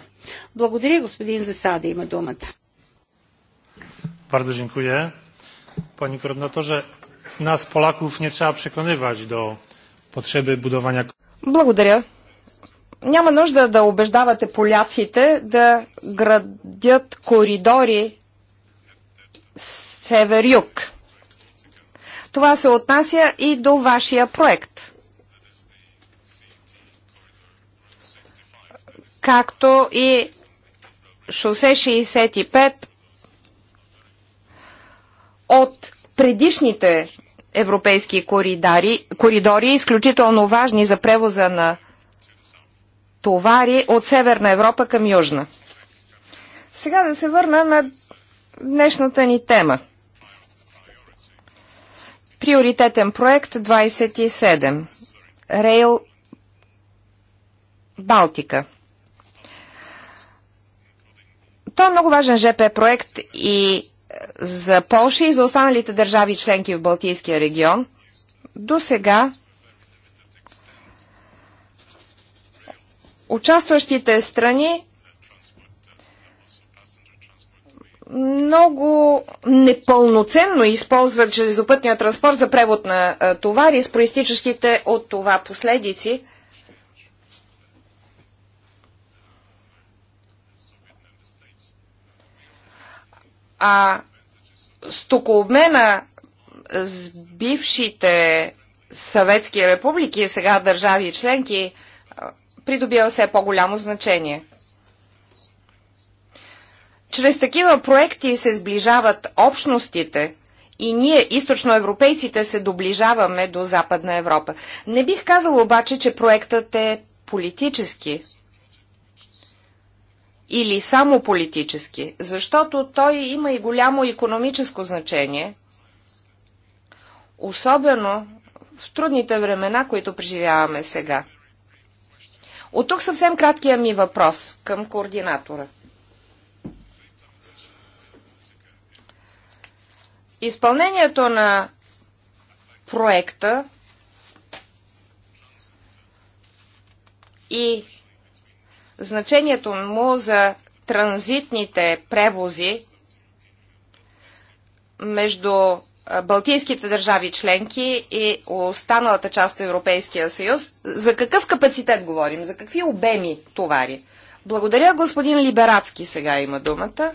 Благодаря, господин Засада, има думата. Bardzo dziękuję. Panie koordynatorze, nas, Polaków, nie trzeba przekonywać do potrzeby budowania. Благодаря. Няма нужда да убеждавате поляците да градят коридори север-юг. Това се отнася и до вашия проект. Както и шосе 65 от предишните европейски коридори, коридори изключително важни за превоза на товари от Северна Европа към Южна. Сега да се върна на днешната ни тема. Приоритетен проект 27. Рейл Балтика. Той е много важен ЖП проект и за Польша и за останалите държави членки в Балтийския регион. До сега участващите страни много непълноценно използват железопътния транспорт за превод на товари с проистичащите от това последици. А стокообмена с бившите съветски републики, сега държави и членки, придобива все по-голямо значение. Чрез такива проекти се сближават общностите и ние, източноевропейците, се доближаваме до Западна Европа. Не бих казал обаче, че проектът е политически или само политически, защото той има и голямо економическо значение, особено в трудните времена, които преживяваме сега. От тук съвсем краткия ми въпрос към координатора. Изпълнението на проекта и значението му за транзитните превози между Балтийските държави членки и останалата част от Европейския съюз. За какъв капацитет говорим? За какви обеми товари? Благодаря, господин Либерацки сега има думата.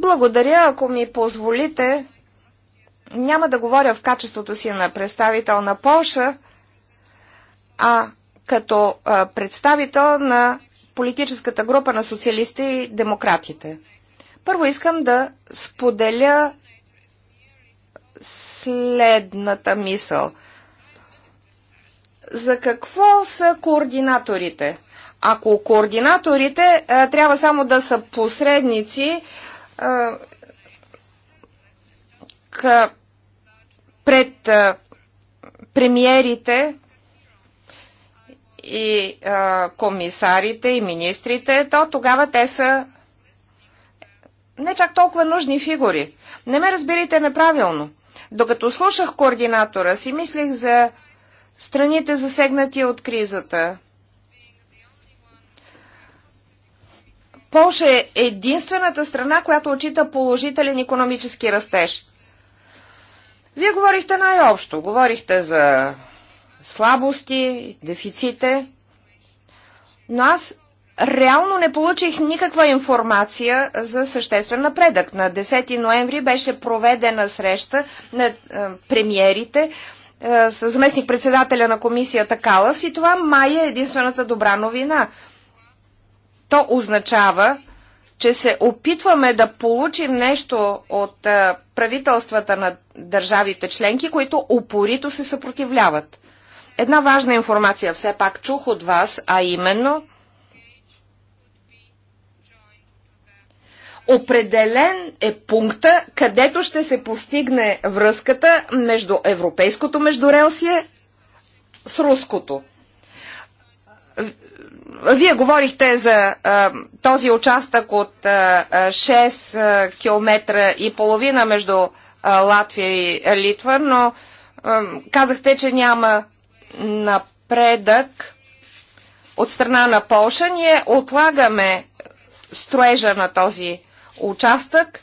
Благодаря, ако ми позволите, няма да говоря в качеството си на представител на Польша а като представител на политическата група на социалисти и демократите. Първо искам да споделя следната мисъл. За какво са координаторите? Ако координаторите трябва само да са посредници пред премиерите, и а, комисарите и министрите, то тогава те са не чак толкова нужни фигури. Не ме разбирайте неправилно. Докато слушах координатора си, мислих за страните засегнати от кризата. Полша е единствената страна, която очита положителен економически растеж. Вие говорихте най-общо. Говорихте за слабости, дефиците. Но аз реално не получих никаква информация за съществен напредък. На 10 ноември беше проведена среща на е, премиерите е, с заместник-председателя на комисията Калас и това май е единствената добра новина. То означава, че се опитваме да получим нещо от е, правителствата на държавите членки, които упорито се съпротивляват. Една важна информация все пак чух от вас, а именно определен е пункта, където ще се постигне връзката между европейското междурелсие с руското. Вие говорихте за а, този участък от а, 6 км и половина между а, Латвия и Литва, но а, казахте, че няма напредък от страна на Полша. Ние отлагаме строежа на този участък,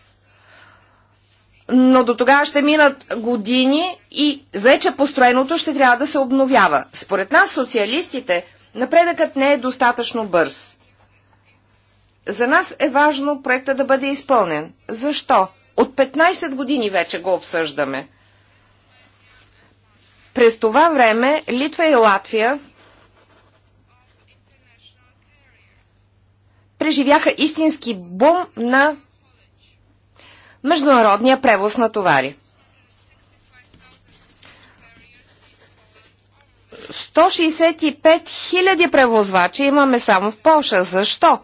но до тогава ще минат години и вече построеното ще трябва да се обновява. Според нас, социалистите, напредъкът не е достатъчно бърз. За нас е важно проекта да бъде изпълнен. Защо? От 15 години вече го обсъждаме. През това време Литва и Латвия преживяха истински бум на международния превоз на товари. 165 000 превозвачи имаме само в Польша. Защо?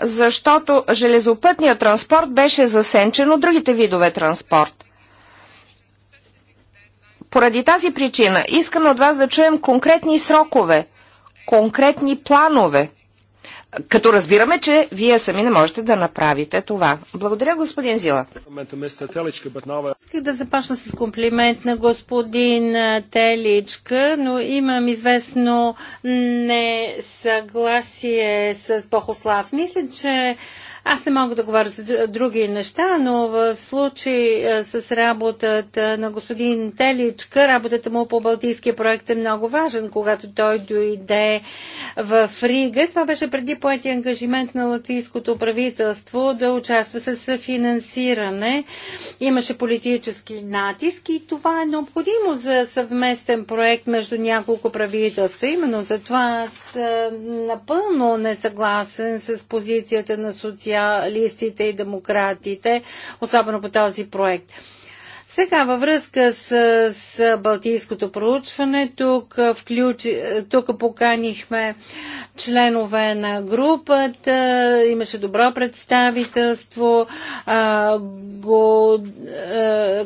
Защото железопътният транспорт беше засенчен от другите видове транспорт. Поради тази причина искаме от вас да чуем конкретни срокове, конкретни планове, като разбираме, че вие сами не можете да направите това. Благодаря, господин Зила. Исках да започна с комплимент на господин Теличка, но имам известно несъгласие с Бохослав. Мисля, че аз не мога да говоря за други неща, но в случай с работата на господин Теличка, работата му по Балтийския проект е много важен. Когато той дойде в Рига, това беше преди поети ангажимент на латвийското правителство да участва с финансиране. Имаше политически натиск и това е необходимо за съвместен проект между няколко правителства. Именно за аз напълно не съгласен с позицията на социалистите социалистите и демократите, особено по този проект. Сега във връзка с, с Балтийското проучване, тук, включи, тук поканихме членове на групата, имаше добро представителство, а, го, а,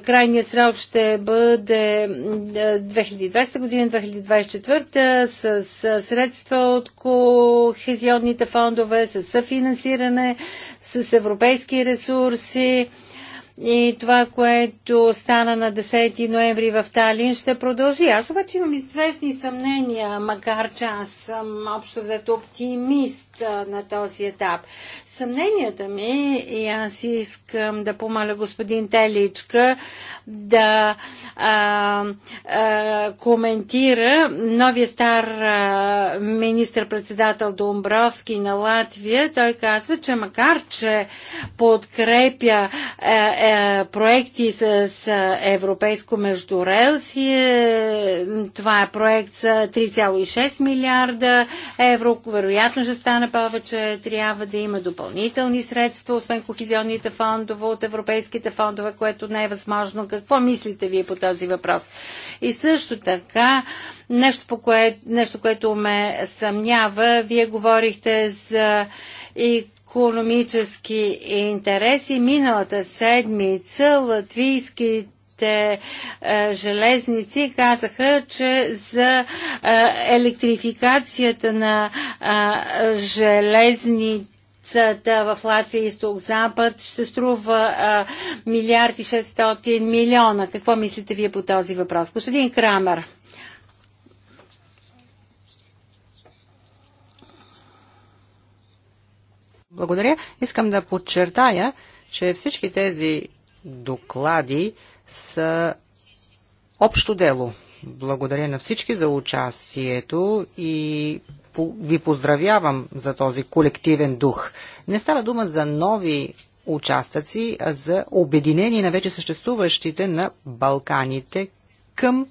крайният срок ще бъде 2020 година, 2024 с, с средства от кохезионните фондове, с съфинансиране, с европейски ресурси. И това, което стана на 10 ноември в Талин, ще продължи. Аз обаче имам известни съмнения, макар че аз съм общо взето оптимист на този етап. Съмненията ми, и аз искам да помоля господин Теличка да а, а, коментира новия стар министр-председател Домбровски на Латвия. Той казва, че макар, че подкрепя а, а, проекти с, с европейско междурелсие, това е проект за 3,6 милиарда евро, вероятно ще стане повече, трябва да има допълнителни средства, освен кохизионните фондове, от европейските фондове, което не е възможно. Какво мислите вие по този въпрос? И също така, нещо, по кое, нещо което ме съмнява, вие говорихте за и економически интереси. Миналата седмица латвийските гръцките е, железници казаха, че за е, електрификацията на е, железните в Латвия изток-запад ще струва милиард и 600 милиона. Какво мислите вие по този въпрос? Господин Крамер. Благодаря. Искам да подчертая, че всички тези доклади са общо дело. Благодаря на всички за участието и ви поздравявам за този колективен дух. Не става дума за нови участъци, а за обединение на вече съществуващите на Балканите към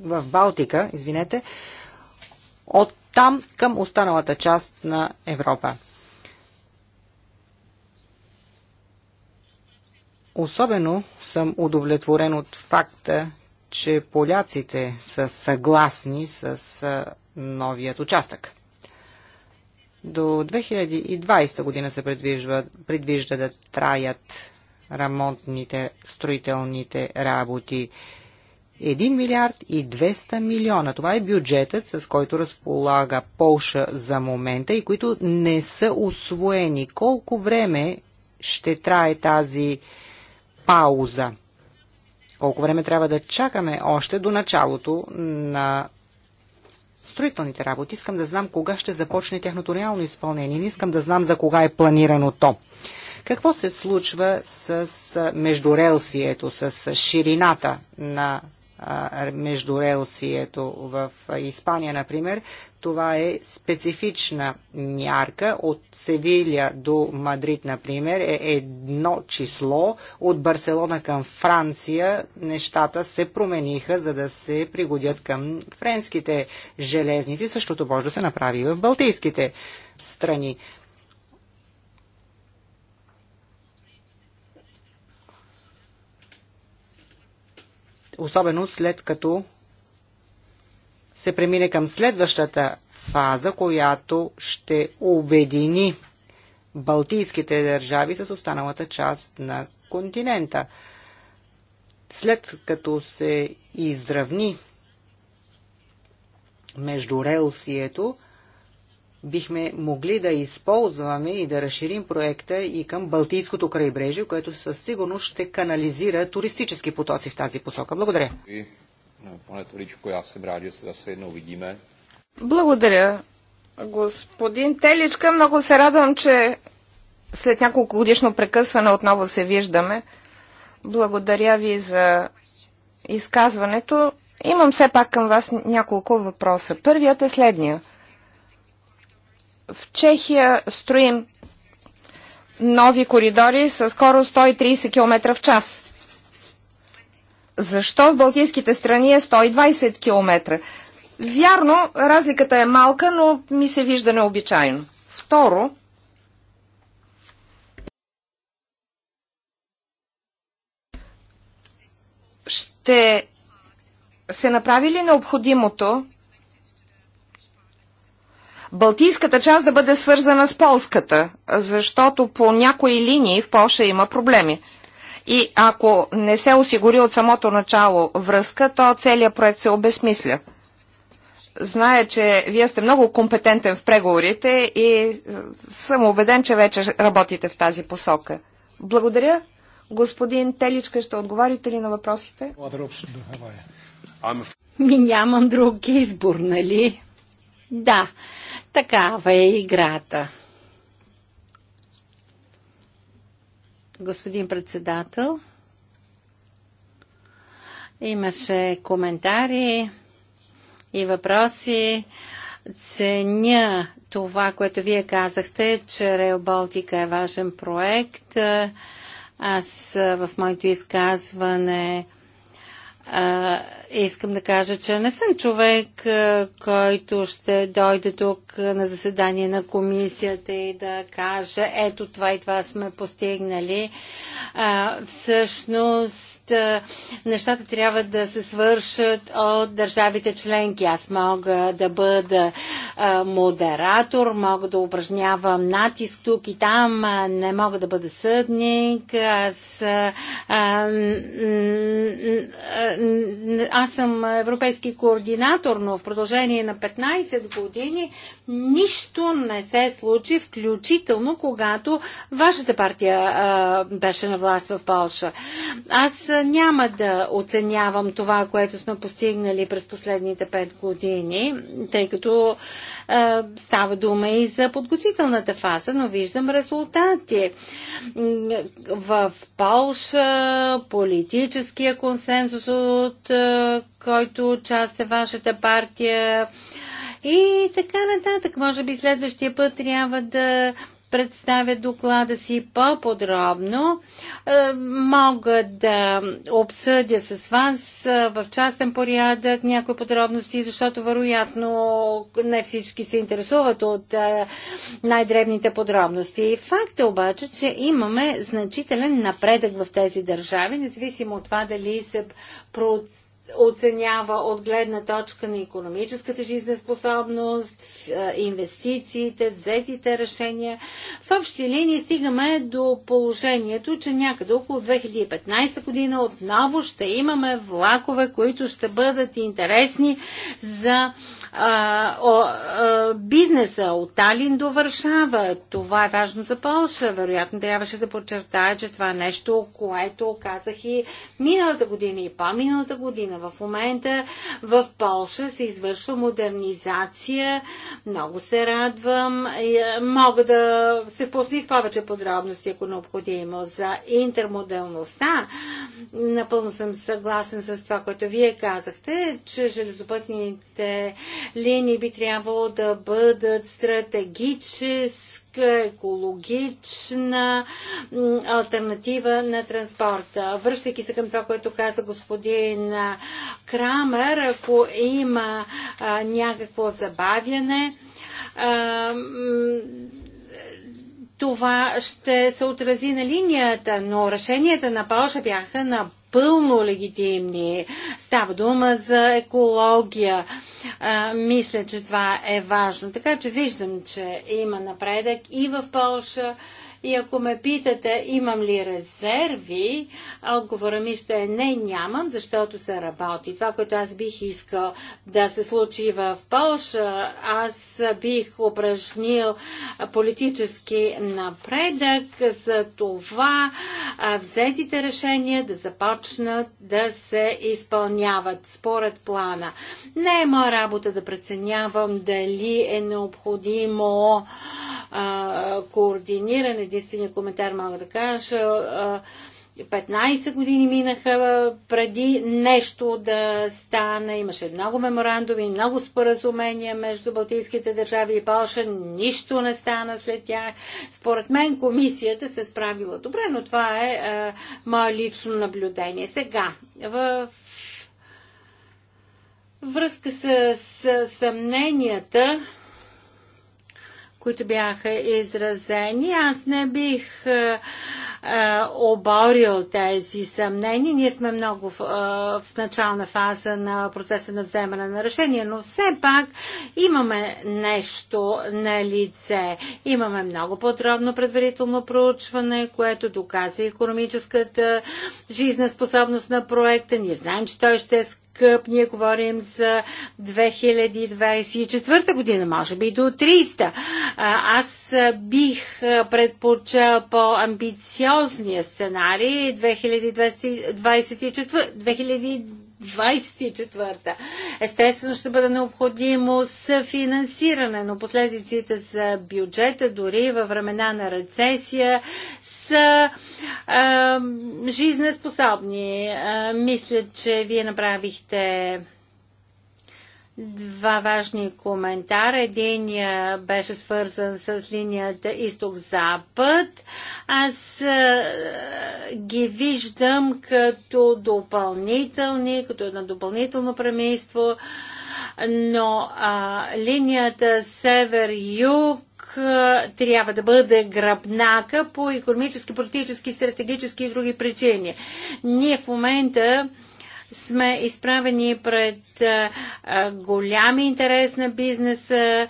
в Балтика, извинете, от там към останалата част на Европа. Особено съм удовлетворен от факта, че поляците са съгласни с новият участък. До 2020 година се предвижда, предвижда да траят ремонтните, строителните работи. 1 милиард и 200 милиона. Това е бюджетът, с който разполага Полша за момента и които не са освоени. Колко време ще трае тази пауза. Колко време трябва да чакаме още до началото на строителните работи? Искам да знам кога ще започне тяхното реално изпълнение. Не искам да знам за кога е планирано то. Какво се случва с междурелсието, с ширината на между релсието в Испания, например. Това е специфична мярка. От Севилия до Мадрид, например, е едно число. От Барселона към Франция нещата се промениха, за да се пригодят към френските железници. Същото може да се направи и в балтийските страни. особено след като се премине към следващата фаза, която ще обедини Балтийските държави с останалата част на континента. След като се изравни между релсието, бихме могли да използваме и да разширим проекта и към Балтийското крайбрежие, което със сигурност ще канализира туристически потоци в тази посока. Благодаря. Благодаря. Господин Теличка, много се радвам, че след няколко годишно прекъсване отново се виждаме. Благодаря ви за изказването. Имам все пак към вас няколко въпроса. Първият е следния. В Чехия строим нови коридори с скоро 130 км в час. Защо в Балтийските страни е 120 км? Вярно, разликата е малка, но ми се вижда необичайно. Второ, ще се направи ли необходимото Балтийската част да бъде свързана с полската, защото по някои линии в Польша има проблеми. И ако не се осигури от самото начало връзка, то целият проект се обесмисля. Зная, че вие сте много компетентен в преговорите и е, съм убеден, че вече работите в тази посока. Благодаря. Господин Теличка, ще отговорите ли на въпросите? Ми нямам друг избор, нали? Да, такава е играта. Господин председател, имаше коментари и въпроси. Ценя това, което вие казахте, че Рео Балтика е важен проект. Аз в моето изказване а, искам да кажа, че не съм човек, а, който ще дойде тук на заседание на комисията и да каже, ето това и това сме постигнали. А, всъщност, а, нещата трябва да се свършат от държавите членки. Аз мога да бъда а, модератор, мога да упражнявам натиск тук и там, а, не мога да бъда съдник. Аз а, а, аз съм европейски координатор, но в продължение на 15 години нищо не се случи, включително когато вашата партия а, беше на власт в Польша. Аз няма да оценявам това, което сме постигнали през последните 5 години, тъй като а, Става дума и за подготвителната фаза, но виждам резултати. В Полша политическия консенсус, от който част е вашата партия, и така нататък. Може би следващия път трябва да представят доклада си по-подробно. Е, мога да обсъдя с вас е, в частен порядък някои подробности, защото вероятно не всички се интересуват от е, най-древните подробности. Факт е обаче, че имаме значителен напредък в тези държави, независимо от това дали се процесира оценява от гледна точка на економическата жизнеспособност, е, инвестициите, взетите решения. В общи линии стигаме до положението, че някъде около 2015 година отново ще имаме влакове, които ще бъдат интересни за о, бизнеса от Талин до Варшава. Това е важно за Полша. Вероятно трябваше да подчертая, че това е нещо, което казах и миналата година и по-миналата година. В момента в Полша се извършва модернизация. Много се радвам. Е, мога да се пусни в повече подробности, ако необходимо, за интермоделността. Напълно съм съгласен с това, което вие казахте, че железопътните линии би трябвало да бъдат стратегическа, екологична альтернатива на транспорта. Връщайки се към това, което каза господин Крамер, ако има а, някакво забавяне, а, това ще се отрази на линията, но решенията на Польша бяха на напълно легитимни. Става дума за екология. А, мисля, че това е важно. Така че виждам, че има напредък и в Польша, и ако ме питате имам ли резерви, отговора ми ще е не, нямам, защото се работи. Това, което аз бих искал да се случи в Польша, аз бих упражнил политически напредък за това взетите решения да започнат да се изпълняват според плана. Не е моя работа да преценявам дали е необходимо а, координиране единствения коментар мога да кажа. 15 години минаха преди нещо да стане. Имаше много меморандуми, много споразумения между Балтийските държави и Польша. Нищо не стана след тях. Според мен комисията се справила добре, но това е, е мое лично наблюдение. Сега, в връзка с, с съмненията, които бяха изразени. Аз не бих е, е, оборил тези съмнения. Ние сме много в, е, в начална фаза на процеса на вземане на решение, но все пак имаме нещо на лице. Имаме много подробно предварително проучване, което доказва економическата жизнеспособност на проекта. Ние знаем, че той ще е скъп. Ние говорим за 2024 година, може би до 300. Аз бих предпочел по-амбициозния сценарий 2024, 2024 24-та. Естествено ще бъде необходимо съфинансиране, но последиците за бюджета, дори във времена на рецесия, са а, жизнеспособни. А, мисля, че вие направихте два важни коментара. Единия беше свързан с линията изток-запад. Аз ги виждам като допълнителни, като едно допълнително премейство, но а, линията север-юг трябва да бъде гръбнака по економически, политически, стратегически и други причини. Ние в момента а, сме изправени пред голям интерес на бизнеса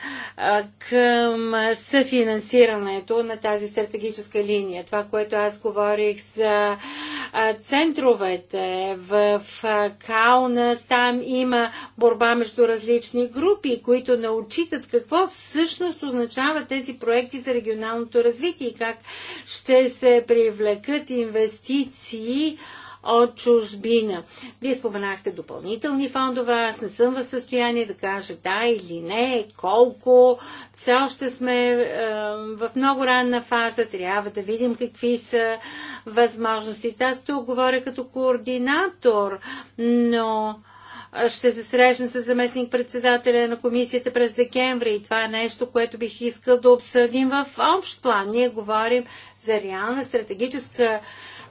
към съфинансирането на тази стратегическа линия. Това, което аз говорих за центровете в, в Каунас, там има борба между различни групи, които научитат какво всъщност означават тези проекти за регионалното развитие и как ще се привлекат инвестиции от чужбина. Вие споменахте допълнителни фондове, аз не съм в състояние да кажа да или не, колко. Все още сме е, в много ранна фаза, трябва да видим какви са възможностите. Аз тук говоря като координатор, но е, ще се срещна с заместник председателя на комисията през декември и това е нещо, което бих искал да обсъдим в общ план. Ние говорим за реална стратегическа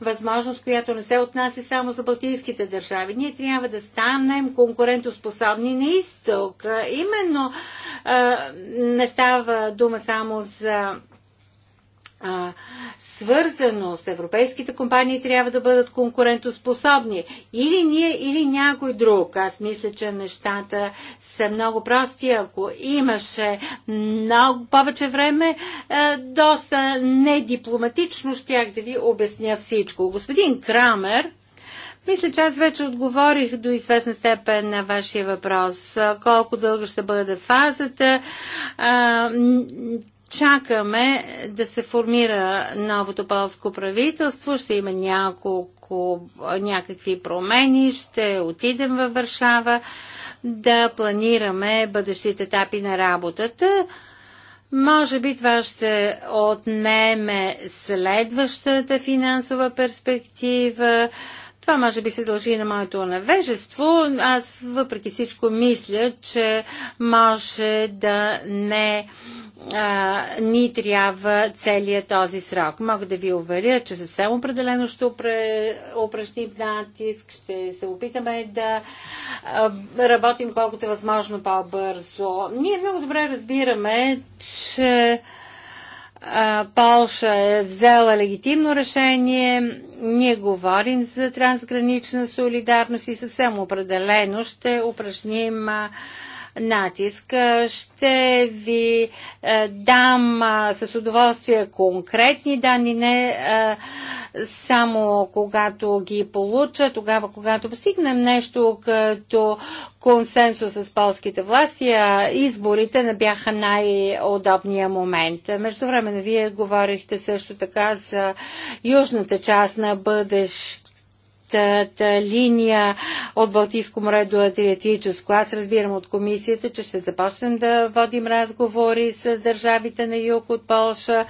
възможност, която не се отнася само за балтийските държави. Ние трябва да станем конкурентоспособни на изток. Именно не става дума само за а, свързаност. Европейските компании трябва да бъдат конкурентоспособни. Или ние, или някой друг. Аз мисля, че нещата са много прости. Ако имаше много повече време, а, е, доста недипломатично щях да ви обясня всичко. Господин Крамер, мисля, че аз вече отговорих до известна степен на вашия въпрос. Колко дълга ще бъде фазата? А, чакаме да се формира новото полско правителство, ще има няколко, някакви промени, ще отидем във Варшава да планираме бъдещите етапи на работата. Може би това ще отнеме следващата финансова перспектива. Това може би се дължи на моето навежество. Аз въпреки всичко мисля, че може да не а, а, ни трябва целият този срок. Мога да ви уверя, че съвсем определено ще упражним натиск, ще се опитаме да а, работим колкото е възможно по-бързо. Ние много добре разбираме, че Полша е взела легитимно решение. Ние говорим за трансгранична солидарност и съвсем определено ще упражним натиск. Ще ви е, дам е, с удоволствие конкретни данни, не е, само когато ги получа, тогава когато постигнем нещо като консенсус с полските власти, а изборите не бяха най-удобния момент. Между време вие говорихте също така за южната част на бъдещ линия от Балтийско море до Адриатическо. Аз разбирам от комисията, че ще започнем да водим разговори с държавите на юг от Полша,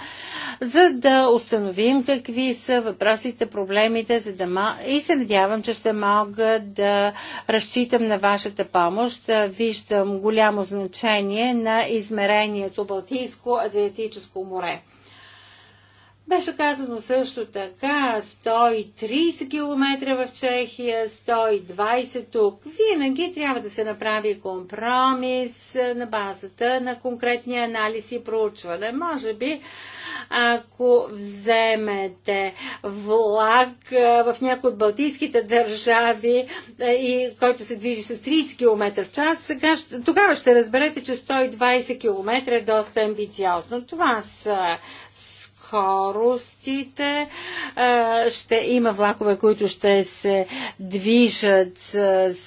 за да установим какви са въпросите, проблемите, за да мал... и се надявам, че ще мога да разчитам на вашата помощ. Виждам голямо значение на измерението Балтийско-Адриатическо море. Беше казано също така 130 км в Чехия, 120 тук. Винаги трябва да се направи компромис е, на базата на конкретни анализи и проучване. Може би, ако вземете влак е, в някои от балтийските държави, е, и, който се движи с 30 км в час, сега, тогава ще разберете, че 120 км е доста амбициозно. Това са скоростите. Е, ще има влакове, които ще се движат с,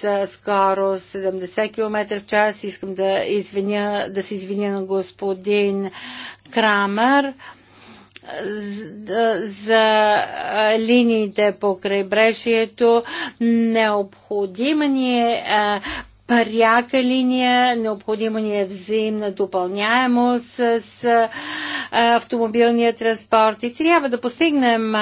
е, скорост 70 км в час. Искам да, извиня, да се извиня на господин Крамер за линиите по крайбрежието. Необходима ни е, е пряка линия, необходимо ни е взаимна допълняемост с, автомобилния транспорт и трябва да постигнем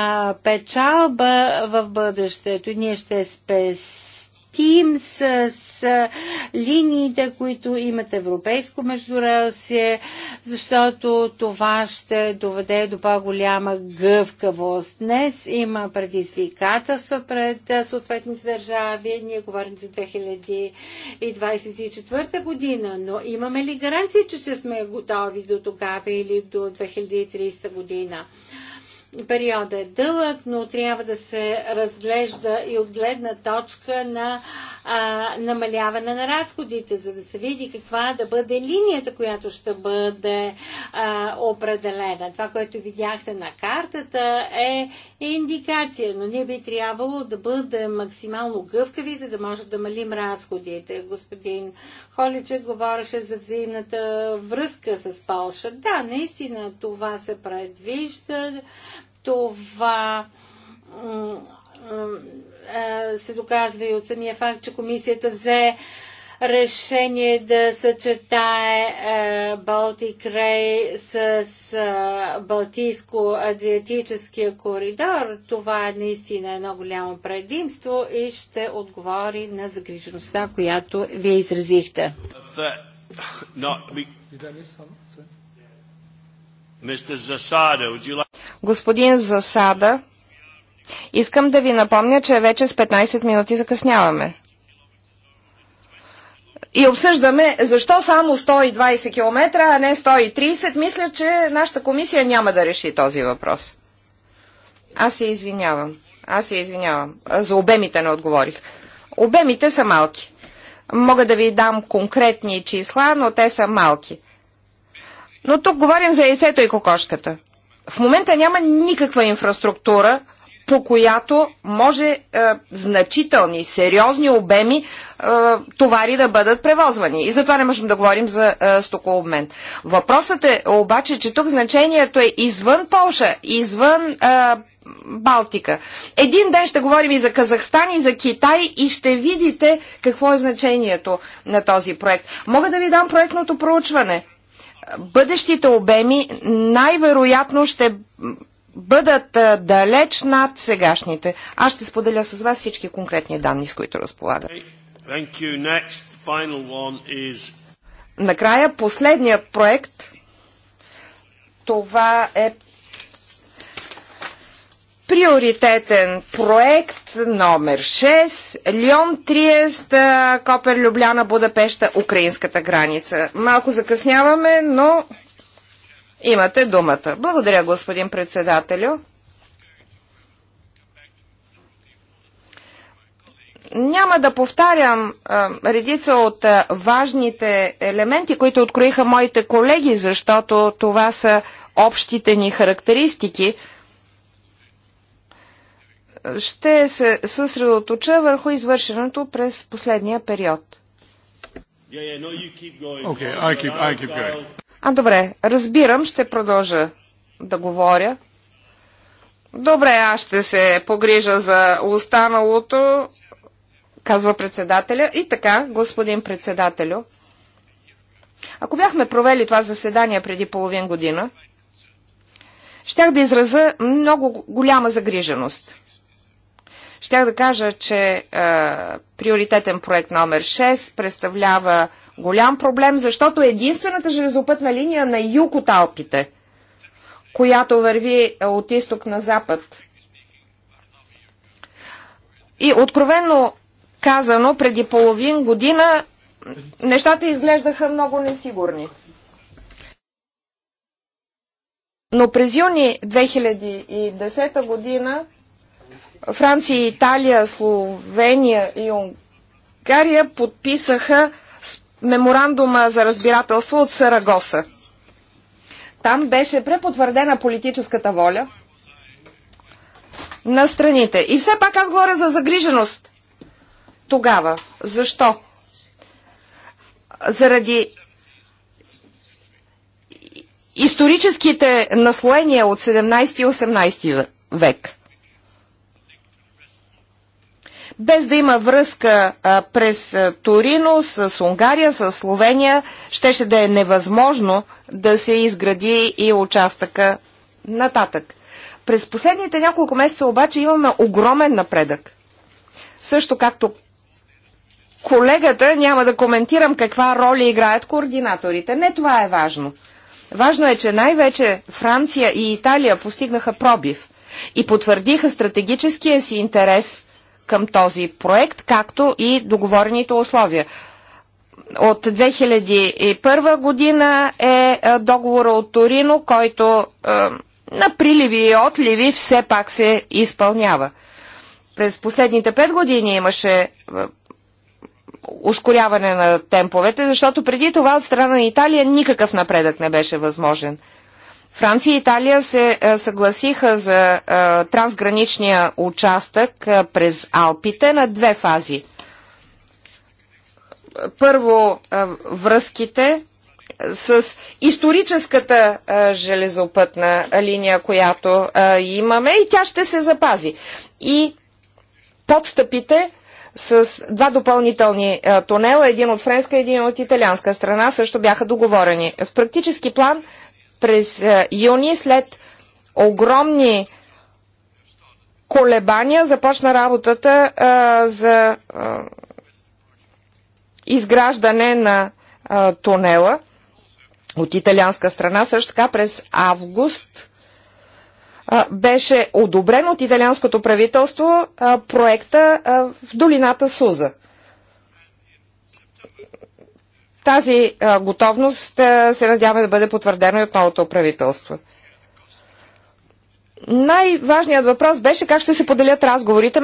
печалба в бъдещето. Ние ще спесим платим с, с линиите, които имат европейско междурасие, защото това ще доведе до по-голяма гъвкавост. Днес има предизвикателства пред съответните държави. Ние говорим за 2024 година, но имаме ли гаранция, че, че сме готови до тогава или до 2030 година? Периода е дълъг, но трябва да се разглежда и от гледна точка на а, намаляване на разходите, за да се види каква да бъде линията, която ще бъде а, определена. Това, което видяхте на картата е индикация, но ние би трябвало да бъдем максимално гъвкави, за да може да малим разходите. Господин Холичек говореше за взаимната връзка с Полша. Да, наистина това се предвижда, това е, се доказва и от самия факт, че комисията взе решение да съчетае е, Балтик Рей с е, Балтийско-Адриатическия коридор. Това е наистина едно голямо предимство и ще отговори на загрижеността, която вие изразихте. Господин Засада, искам да ви напомня, че вече с 15 минути закъсняваме и обсъждаме защо само 120 км, а не 130, мисля, че нашата комисия няма да реши този въпрос. Аз се извинявам. Аз се извинявам. За обемите не отговорих. Обемите са малки. Мога да ви дам конкретни числа, но те са малки. Но тук говорим за яйцето и кокошката. В момента няма никаква инфраструктура, по която може е, значителни, сериозни обеми е, товари да бъдат превозвани. И затова не можем да говорим за е, стокообмен. Въпросът е обаче, че тук значението е извън Полша, извън е, Балтика. Един ден ще говорим и за Казахстан, и за Китай и ще видите какво е значението на този проект. Мога да ви дам проектното проучване. Бъдещите обеми най-вероятно ще бъдат далеч над сегашните. Аз ще споделя с вас всички конкретни данни, с които разполагам. Накрая последният проект. Това е приоритетен проект номер 6 Лион Триест, Копер Любляна, Будапешта, украинската граница. Малко закъсняваме, но Имате думата. Благодаря, господин председателю. Няма да повтарям а, редица от а, важните елементи, които откроиха моите колеги, защото това са общите ни характеристики. Ще се съсредоточа върху извършеното през последния период. Okay, I keep, I keep а добре, разбирам, ще продължа да говоря. Добре, аз ще се погрижа за останалото, казва председателя. И така, господин председателю, ако бяхме провели това заседание преди половин година, щях да израза много голяма загриженост. Щях да кажа, че е, приоритетен проект номер 6 представлява голям проблем, защото единствената железопътна линия на юг от Алпите, която върви е от изток на запад. И откровенно казано, преди половин година нещата изглеждаха много несигурни. Но през юни 2010 година Франция, Италия, Словения и Унгария подписаха меморандума за разбирателство от Сарагоса. Там беше препотвърдена политическата воля на страните. И все пак аз говоря за загриженост. Тогава. Защо? Заради историческите наслоения от 17 и 18 век без да има връзка а, през Торино с Унгария, с Словения, щеше да е невъзможно да се изгради и участъка нататък. През последните няколко месеца обаче имаме огромен напредък. Също както колегата, няма да коментирам каква роля играят координаторите. Не това е важно. Важно е, че най-вече Франция и Италия постигнаха пробив и потвърдиха стратегическия си интерес към този проект, както и договорените условия. От 2001 година е, е договора от Торино, който е, на приливи и отливи все пак се изпълнява. През последните 5 години имаше е, ускоряване на темповете, защото преди това от страна на Италия никакъв напредък не беше възможен. Франция и Италия се е, съгласиха за е, трансграничния участък е, през Алпите на две фази. Първо, връзките с историческата железопътна линия, която имаме и тя ще се запази. И подстъпите с два допълнителни тунела, един от френска, един от италианска страна, също бяха договорени. В практически план през е, юни след огромни колебания започна работата а, е, за а, е, изграждане на а, тунела от италианска страна. Също така през август а, беше одобрен от италианското правителство а, проекта а, в долината Суза. Тази готовност се надяваме да бъде потвърдена и от новото правителство. Най-важният въпрос беше как ще се поделят разговорите,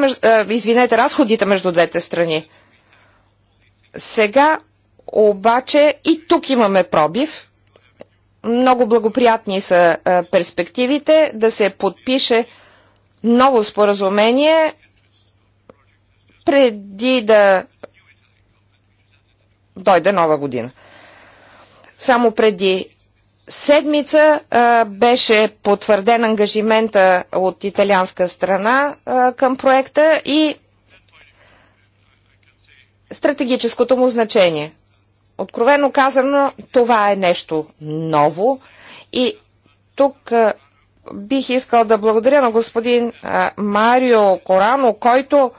извинете, разходите между двете страни. Сега обаче и тук имаме пробив. Много благоприятни са перспективите да се подпише ново споразумение преди да дойде нова година. Само преди седмица а, беше потвърден ангажимента от италианска страна а, към проекта и стратегическото му значение. Откровено казано, това е нещо ново и тук а, бих искал да благодаря на господин а, Марио Корано, който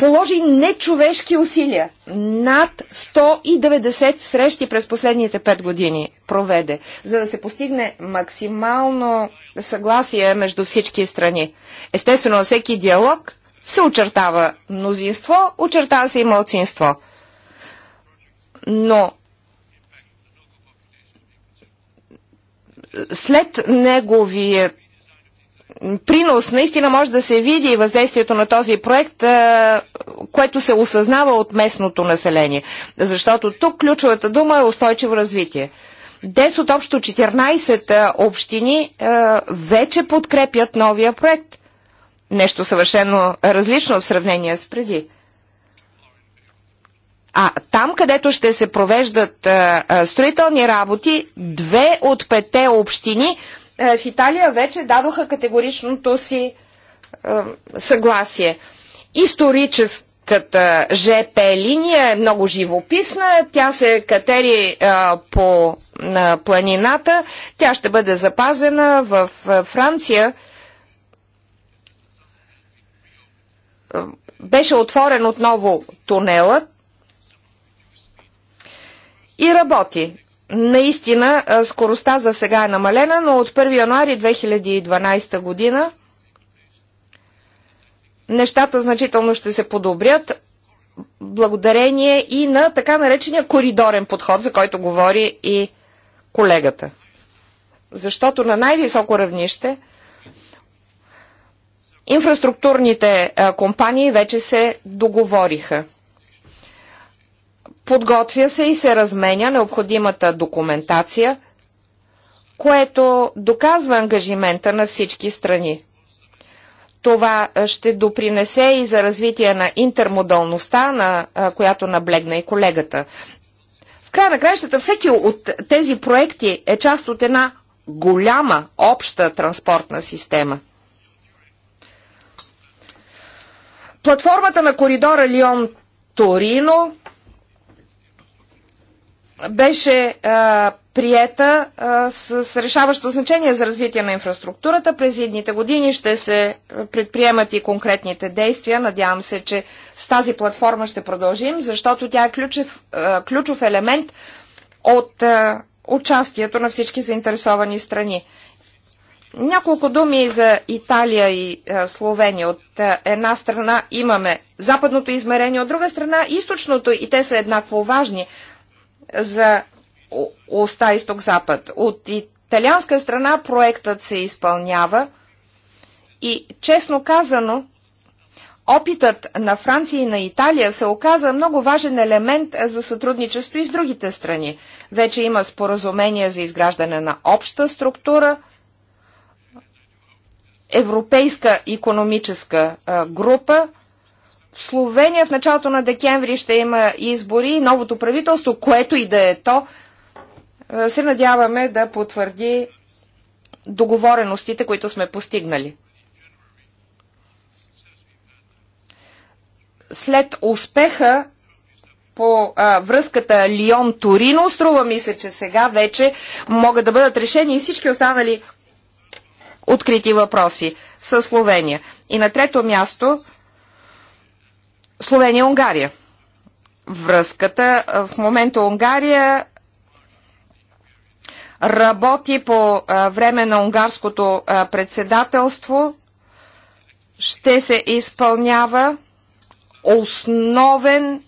положи нечовешки усилия. Над 190 срещи през последните 5 години проведе, за да се постигне максимално съгласие между всички страни. Естествено, във всеки диалог се очертава мнозинство, очертава се и мълцинство. Но след неговият принос наистина може да се види въздействието на този проект, което се осъзнава от местното население. Защото тук ключовата дума е устойчиво развитие. Дес от общо 14 общини вече подкрепят новия проект. Нещо съвършено различно в сравнение с преди. А там, където ще се провеждат а, а, строителни работи, две от пете общини е, в Италия вече дадоха категоричното си е, съгласие. Историческата ЖП линия е много живописна, тя се катери е, по планината, тя ще бъде запазена в Франция. Беше отворен отново тунелът и работи. Наистина, скоростта за сега е намалена, но от 1 януари 2012 година нещата значително ще се подобрят благодарение и на така наречения коридорен подход, за който говори и колегата. Защото на най-високо равнище инфраструктурните компании вече се договориха подготвя се и се разменя необходимата документация, което доказва ангажимента на всички страни. Това ще допринесе и за развитие на интермодалността, на която наблегна и колегата. В края на краищата всеки от тези проекти е част от една голяма обща транспортна система. Платформата на коридора Лион Торино беше а, приета а, с решаващо значение за развитие на инфраструктурата. През едните години ще се предприемат и конкретните действия. Надявам се, че с тази платформа ще продължим, защото тя е ключов, а, ключов елемент от а, участието на всички заинтересовани страни. Няколко думи за Италия и а, Словения. От а, една страна имаме западното измерение, от друга страна източното и те са еднакво важни за оста изток-запад. От италианска страна проектът се изпълнява и, честно казано, опитът на Франция и на Италия се оказа много важен елемент за сътрудничество и с другите страни. Вече има споразумение за изграждане на обща структура, европейска економическа група – в Словения в началото на декември ще има избори и новото правителство, което и да е то, се надяваме да потвърди договореностите, които сме постигнали. След успеха по а, връзката Лион-Торино, струва ми се, че сега вече могат да бъдат решени и всички останали открити въпроси със Словения. И на трето място Словения-Унгария. Връзката в момента Унгария работи по време на унгарското председателство. Ще се изпълнява основен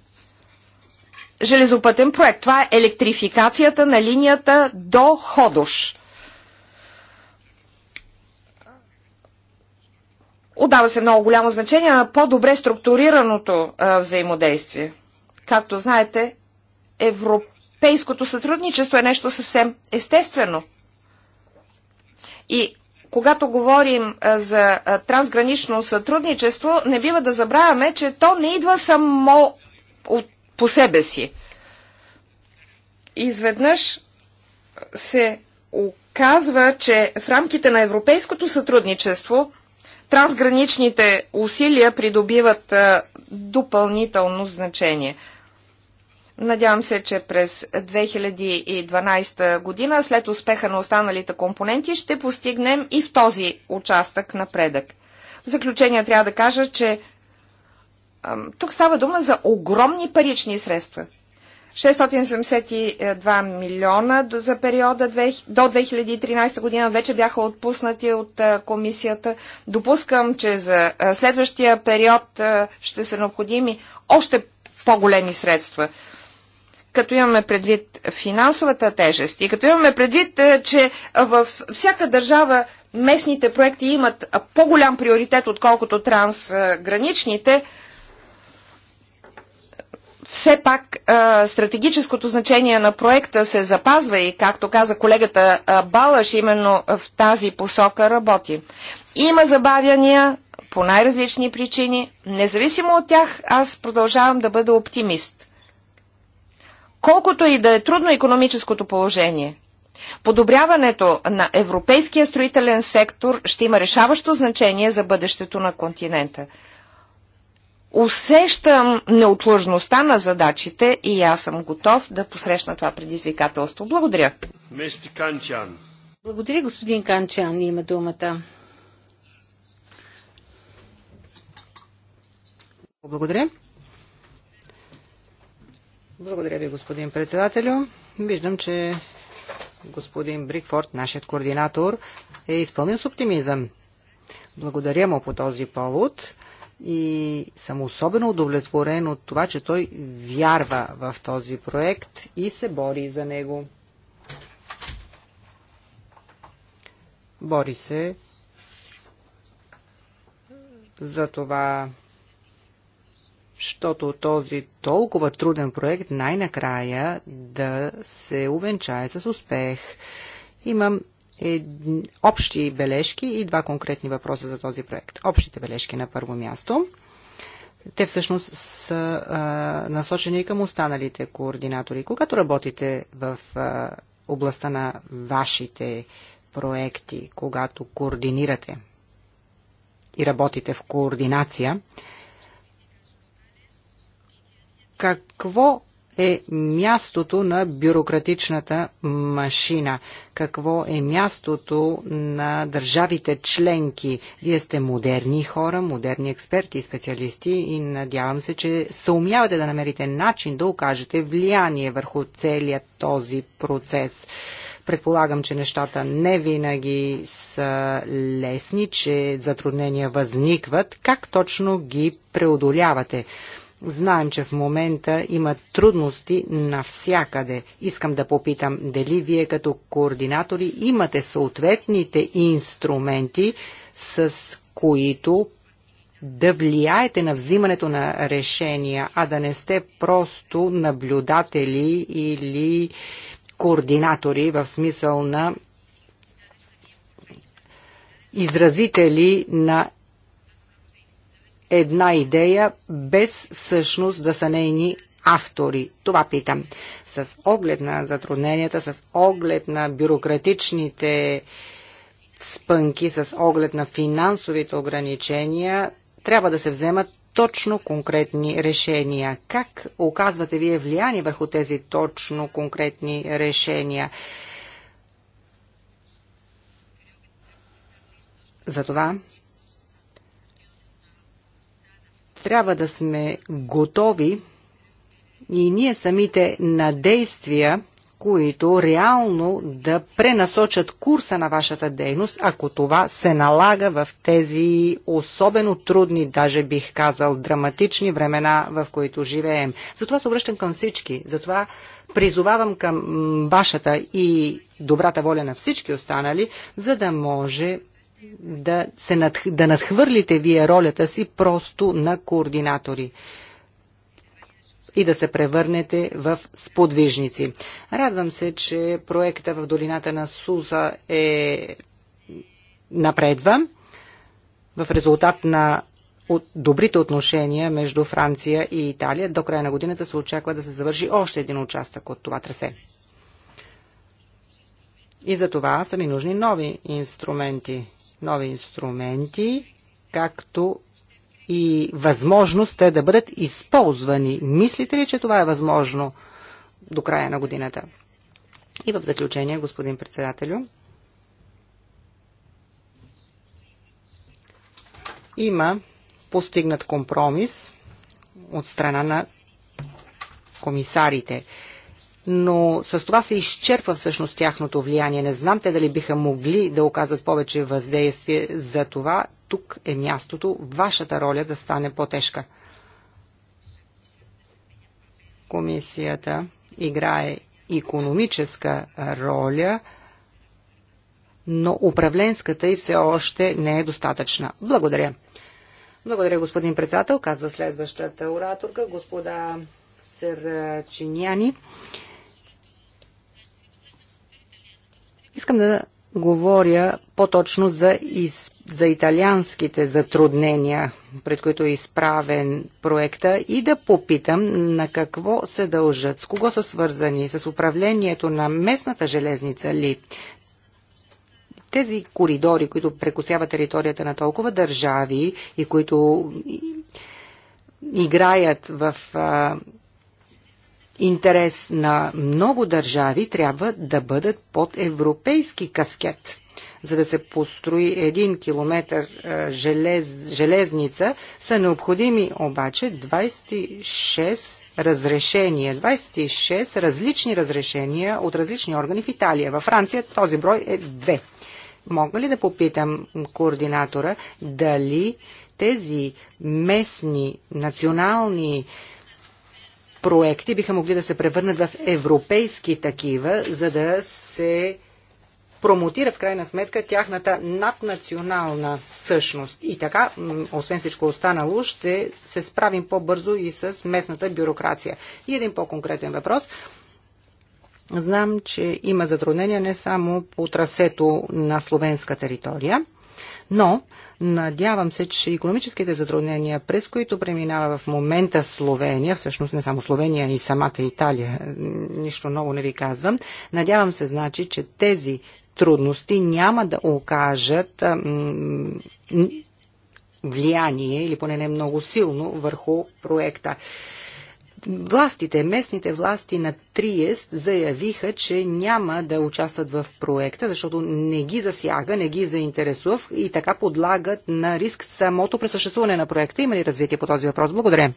железопътен проект. Това е електрификацията на линията до Ходош. Отдава се много голямо значение на по-добре структурираното взаимодействие. Както знаете, европейското сътрудничество е нещо съвсем естествено. И когато говорим за трансгранично сътрудничество, не бива да забравяме, че то не идва само от, по себе си. Изведнъж се оказва, че в рамките на европейското сътрудничество трансграничните усилия придобиват допълнително значение. Надявам се, че през 2012 година, след успеха на останалите компоненти, ще постигнем и в този участък напредък. В заключение трябва да кажа, че тук става дума за огромни парични средства – 672 милиона за периода до 2013 година вече бяха отпуснати от комисията. Допускам, че за следващия период ще са необходими още по-големи средства. Като имаме предвид финансовата тежест и като имаме предвид, че във всяка държава местните проекти имат по-голям приоритет, отколкото трансграничните, все пак стратегическото значение на проекта се запазва и, както каза колегата Балаш, именно в тази посока работи. Има забавяния по най-различни причини. Независимо от тях, аз продължавам да бъда оптимист. Колкото и да е трудно економическото положение, подобряването на европейския строителен сектор ще има решаващо значение за бъдещето на континента – усещам неотлъжността на задачите и аз съм готов да посрещна това предизвикателство. Благодаря. Канчан. Благодаря, господин Канчан. Има думата. Благодаря. Благодаря ви, господин председателю. Виждам, че господин Брикфорд, нашият координатор, е изпълнен с оптимизъм. Благодаря му по този повод и съм особено удовлетворен от това, че той вярва в този проект и се бори за него. Бори се за това, защото този толкова труден проект най-накрая да се увенчае с успех. Имам е, общи бележки и два конкретни въпроса за този проект. Общите бележки на първо място. Те всъщност са а, насочени и към останалите координатори. Когато работите в а, областта на вашите проекти, когато координирате и работите в координация, какво е мястото на бюрократичната машина? Какво е мястото на държавите членки? Вие сте модерни хора, модерни експерти и специалисти и надявам се, че съумявате да намерите начин да окажете влияние върху целият този процес. Предполагам, че нещата не винаги са лесни, че затруднения възникват. Как точно ги преодолявате? Знаем, че в момента има трудности навсякъде. Искам да попитам дали вие като координатори имате съответните инструменти, с които да влияете на взимането на решения, а да не сте просто наблюдатели или координатори в смисъл на изразители на една идея, без всъщност да са нейни автори? Това питам. С оглед на затрудненията, с оглед на бюрократичните спънки, с оглед на финансовите ограничения, трябва да се вземат точно конкретни решения. Как оказвате вие влияние върху тези точно конкретни решения? Затова Трябва да сме готови и ние самите на действия, които реално да пренасочат курса на вашата дейност, ако това се налага в тези особено трудни, даже бих казал драматични времена, в които живеем. Затова се обръщам към всички, затова призовавам към вашата и добрата воля на всички останали, за да може да, се над, да надхвърлите вие ролята си просто на координатори и да се превърнете в сподвижници. Радвам се, че проекта в долината на Суза е напредва в резултат на от добрите отношения между Франция и Италия. До края на годината се очаква да се завърши още един участък от това трасе. И за това са ми нужни нови инструменти нови инструменти, както и възможност те да бъдат използвани. Мислите ли, че това е възможно до края на годината? И в заключение, господин председателю, има постигнат компромис от страна на комисарите но с това се изчерпва всъщност тяхното влияние. Не знам те дали биха могли да оказат повече въздействие. За това тук е мястото вашата роля да стане по-тежка. Комисията играе економическа роля, но управленската и все още не е достатъчна. Благодаря. Благодаря, господин председател. Казва следващата ораторка, господа Серчиняни. Искам да говоря по-точно за, из, за италианските затруднения, пред които е изправен проекта и да попитам на какво се дължат, с кого са свързани, с управлението на местната железница ли, тези коридори, които прекусяват територията на толкова държави и които играят в интерес на много държави трябва да бъдат под европейски каскет. За да се построи един километр желез, железница, са необходими обаче 26 разрешения, 26 различни разрешения от различни органи в Италия. Във Франция този брой е 2. Мога ли да попитам координатора дали тези местни, национални проекти биха могли да се превърнат в европейски такива, за да се промотира в крайна сметка тяхната наднационална същност. И така, освен всичко останало, ще се справим по-бързо и с местната бюрокрация. И един по-конкретен въпрос. Знам, че има затруднения не само по трасето на словенска територия, но надявам се, че економическите затруднения, през които преминава в момента Словения, всъщност не само Словения, и самата Италия, нищо ново не ви казвам, надявам се, значи, че тези трудности няма да окажат влияние или поне не много силно върху проекта. Властите, местните власти на Триест заявиха, че няма да участват в проекта, защото не ги засяга, не ги заинтересува и така подлагат на риск самото пресъществуване на проекта. Има ли развитие по този въпрос? Благодаря.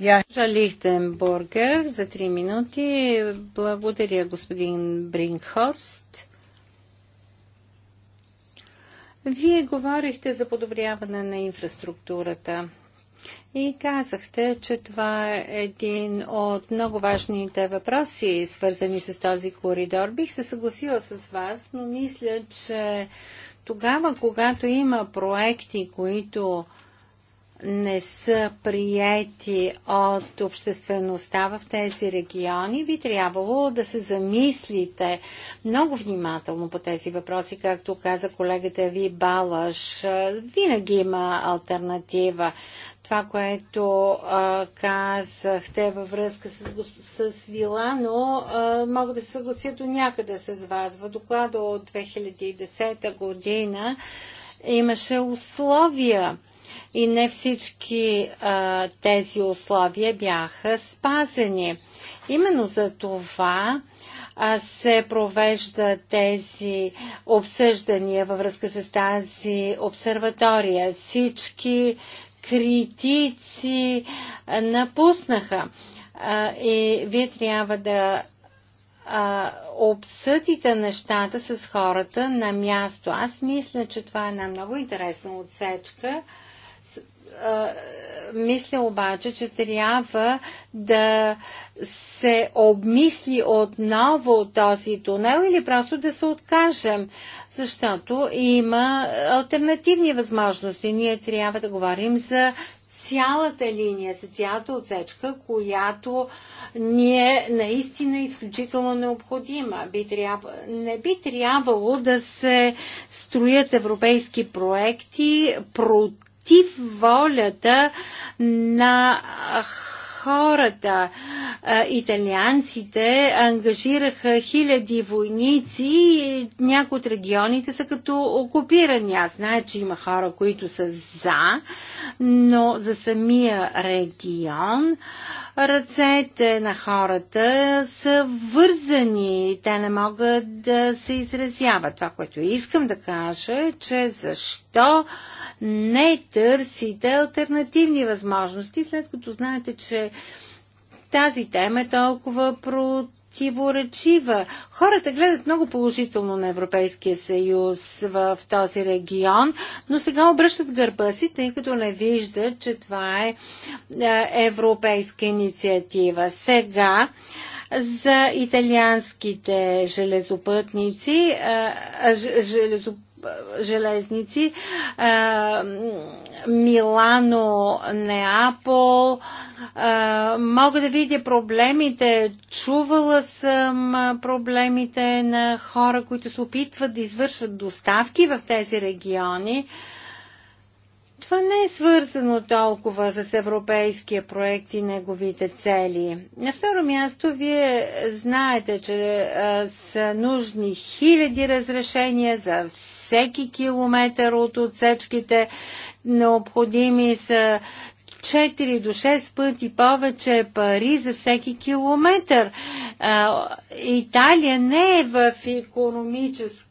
Яша Лихтенбургер за 3 минути. Благодаря, господин Бринхорст. Вие говорихте за подобряване на инфраструктурата и казахте, че това е един от много важните въпроси, свързани с този коридор. Бих се съгласила с вас, но мисля, че тогава, когато има проекти, които не са приети от обществеността в тези региони, би трябвало да се замислите много внимателно по тези въпроси, както каза колегата ви Балаш. Винаги има альтернатива. Това, което а, казахте във връзка с, с Вила, но а, мога да се съглася до някъде с вас. В доклада от 2010 година имаше условия и не всички а, тези условия бяха спазени. Именно за това се провежда тези обсъждания във връзка с тази обсерватория. Всички критици напуснаха. И вие трябва да обсъдите нещата с хората на място. Аз мисля, че това е една много интересна отсечка мисля обаче, че трябва да се обмисли отново този тунел или просто да се откажем, защото има альтернативни възможности. Ние трябва да говорим за цялата линия, за цялата отсечка, която ни е наистина изключително необходима. Би трябва, не би трябвало да се строят европейски проекти против против волята на хората. Италианците ангажираха хиляди войници и някои от регионите са като окупирани. Аз знае, че има хора, които са за, но за самия регион ръцете на хората са вързани. Те не могат да се изразяват. Това, което искам да кажа е, че защо не търсите альтернативни възможности, след като знаете, че тази тема е толкова противоречива. Хората гледат много положително на Европейския съюз в, този регион, но сега обръщат гърба си, тъй като не виждат, че това е, е европейска инициатива. Сега за италианските железопътници, е, е, железопътници железници, е, Милано, Неапол. Е, мога да видя проблемите. Чувала съм проблемите на хора, които се опитват да извършват доставки в тези региони това не е свързано толкова с европейския проект и неговите цели. На второ място, вие знаете, че са нужни хиляди разрешения за всеки километър от отсечките. Необходими са 4 до 6 пъти повече пари за всеки километър. Италия не е в економическа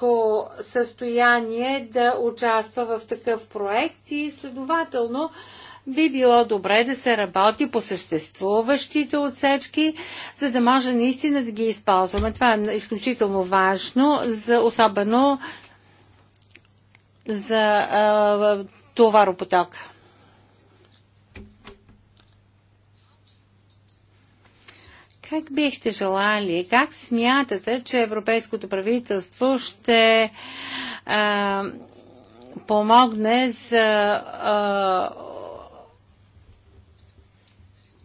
физическо състояние да участва в такъв проект и следователно би било добре да се работи по съществуващите отсечки, за да може наистина да ги използваме. Това е изключително важно, за, особено за а, товаропотока. Как бихте желали, как смятате, че европейското правителство ще а, помогне за а,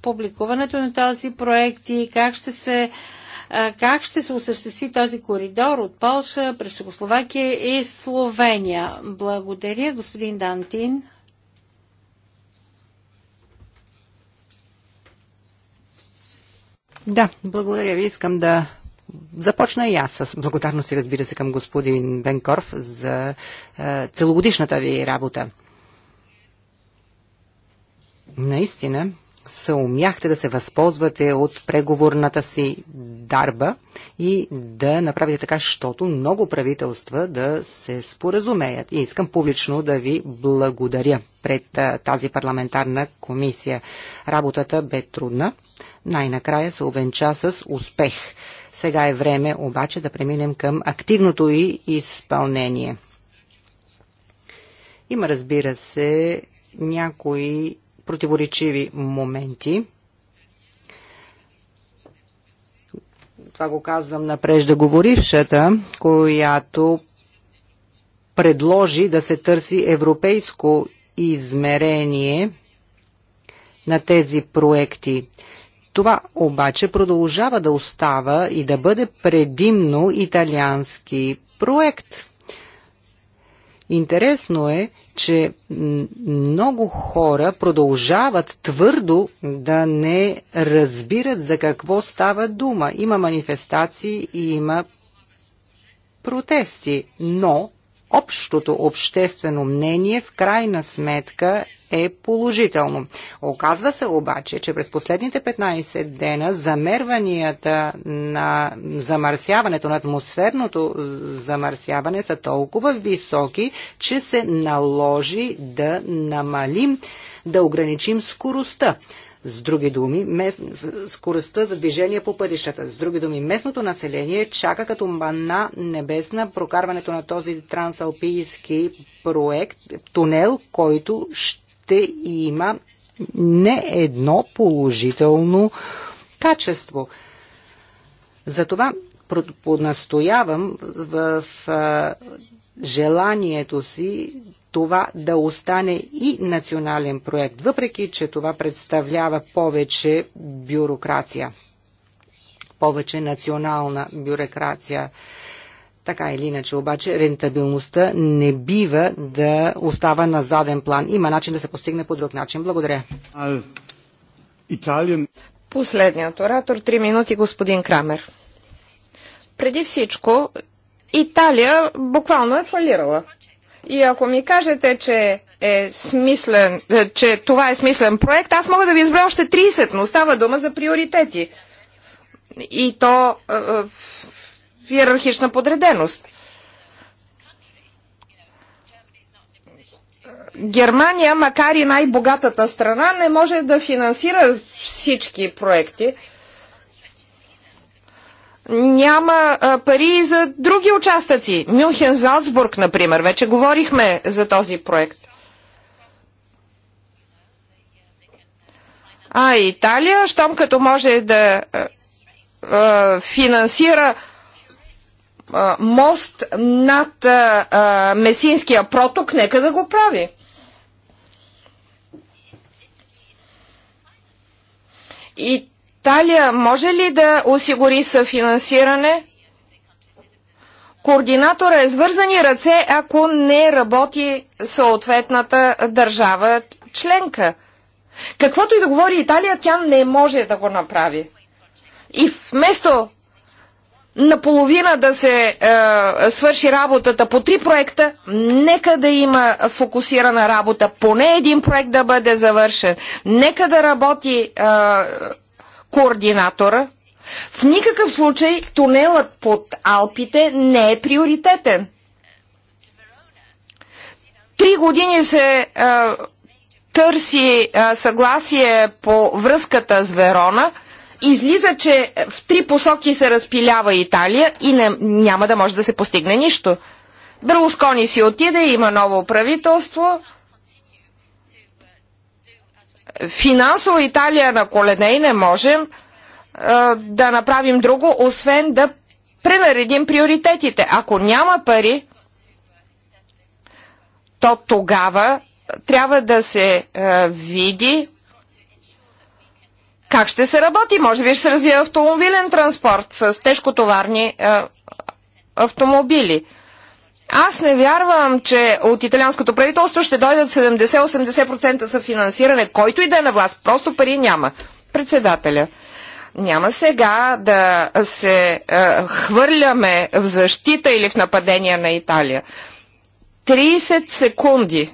публикуването на този проект и как ще се как ще се осъществи този коридор от Полша през Чехословакия и Словения. Благодаря, господин Дантин. Да, благодаря ви. Искам да започна и аз с благодарност и разбира се към господин Бенкорф за е, целогодишната ви работа. Наистина, се умяхте да се възползвате от преговорната си дарба и да направите така, щото много правителства да се споразумеят. И искам публично да ви благодаря пред е, тази парламентарна комисия. Работата бе трудна, най-накрая се увенча с успех. Сега е време обаче да преминем към активното и изпълнение. Има, разбира се, някои противоречиви моменти. Това го казвам на преждаговорившата, която предложи да се търси европейско измерение на тези проекти. Това обаче продължава да остава и да бъде предимно италиански проект. Интересно е, че много хора продължават твърдо да не разбират за какво става дума. Има манифестации и има протести, но общото обществено мнение в крайна сметка е положително. Оказва се обаче, че през последните 15 дена замерванията на замърсяването, на атмосферното замърсяване са толкова високи, че се наложи да намалим, да ограничим скоростта. С други думи, мест... скоростта за движение по пътищата. С други думи, местното население чака като мана небесна прокарването на този трансалпийски проект, тунел, който ще има не едно положително качество. Затова поднастоявам в желанието си това да остане и национален проект, въпреки че това представлява повече бюрокрация, повече национална бюрокрация. Така или иначе, обаче, рентабилността не бива да остава на заден план. Има начин да се постигне по друг начин. Благодаря. Италиан... Последният оратор, 3 минути, господин Крамер. Преди всичко, Италия буквално е фалирала. И ако ми кажете, че, е смислен, е, че това е смислен проект, аз мога да ви избра още 30, но става дума за приоритети. И то е, е, в иерархична подреденост. Германия, макар и най-богатата страна, не може да финансира всички проекти няма а, пари за други участъци. Мюнхен, Залцбург, например. Вече говорихме за този проект. А Италия, щом като може да а, финансира а, мост над а, Месинския проток, нека да го прави. И Италия може ли да осигури съфинансиране? Координатора е свързани ръце, ако не работи съответната държава членка. Каквото и да говори Италия, тя не може да го направи. И вместо наполовина да се е, свърши работата по три проекта, нека да има фокусирана работа, поне един проект да бъде завършен, нека да работи е, координатора. В никакъв случай тунелът под Алпите не е приоритетен. Три години се а, търси а, съгласие по връзката с Верона. Излиза, че в три посоки се разпилява Италия и не, няма да може да се постигне нищо. Берлускони си отиде, има ново правителство. Финансово Италия на колене и не можем а, да направим друго, освен да пренаредим приоритетите. Ако няма пари, то тогава трябва да се а, е, види как ще се работи. Може би ще се развие автомобилен транспорт с тежкотоварни а, е, автомобили. Аз не вярвам, че от италианското правителство ще дойдат 70-80% за финансиране, който и да е на власт. Просто пари няма. Председателя. Няма сега да се е, хвърляме в защита или в нападение на Италия. 30 секунди.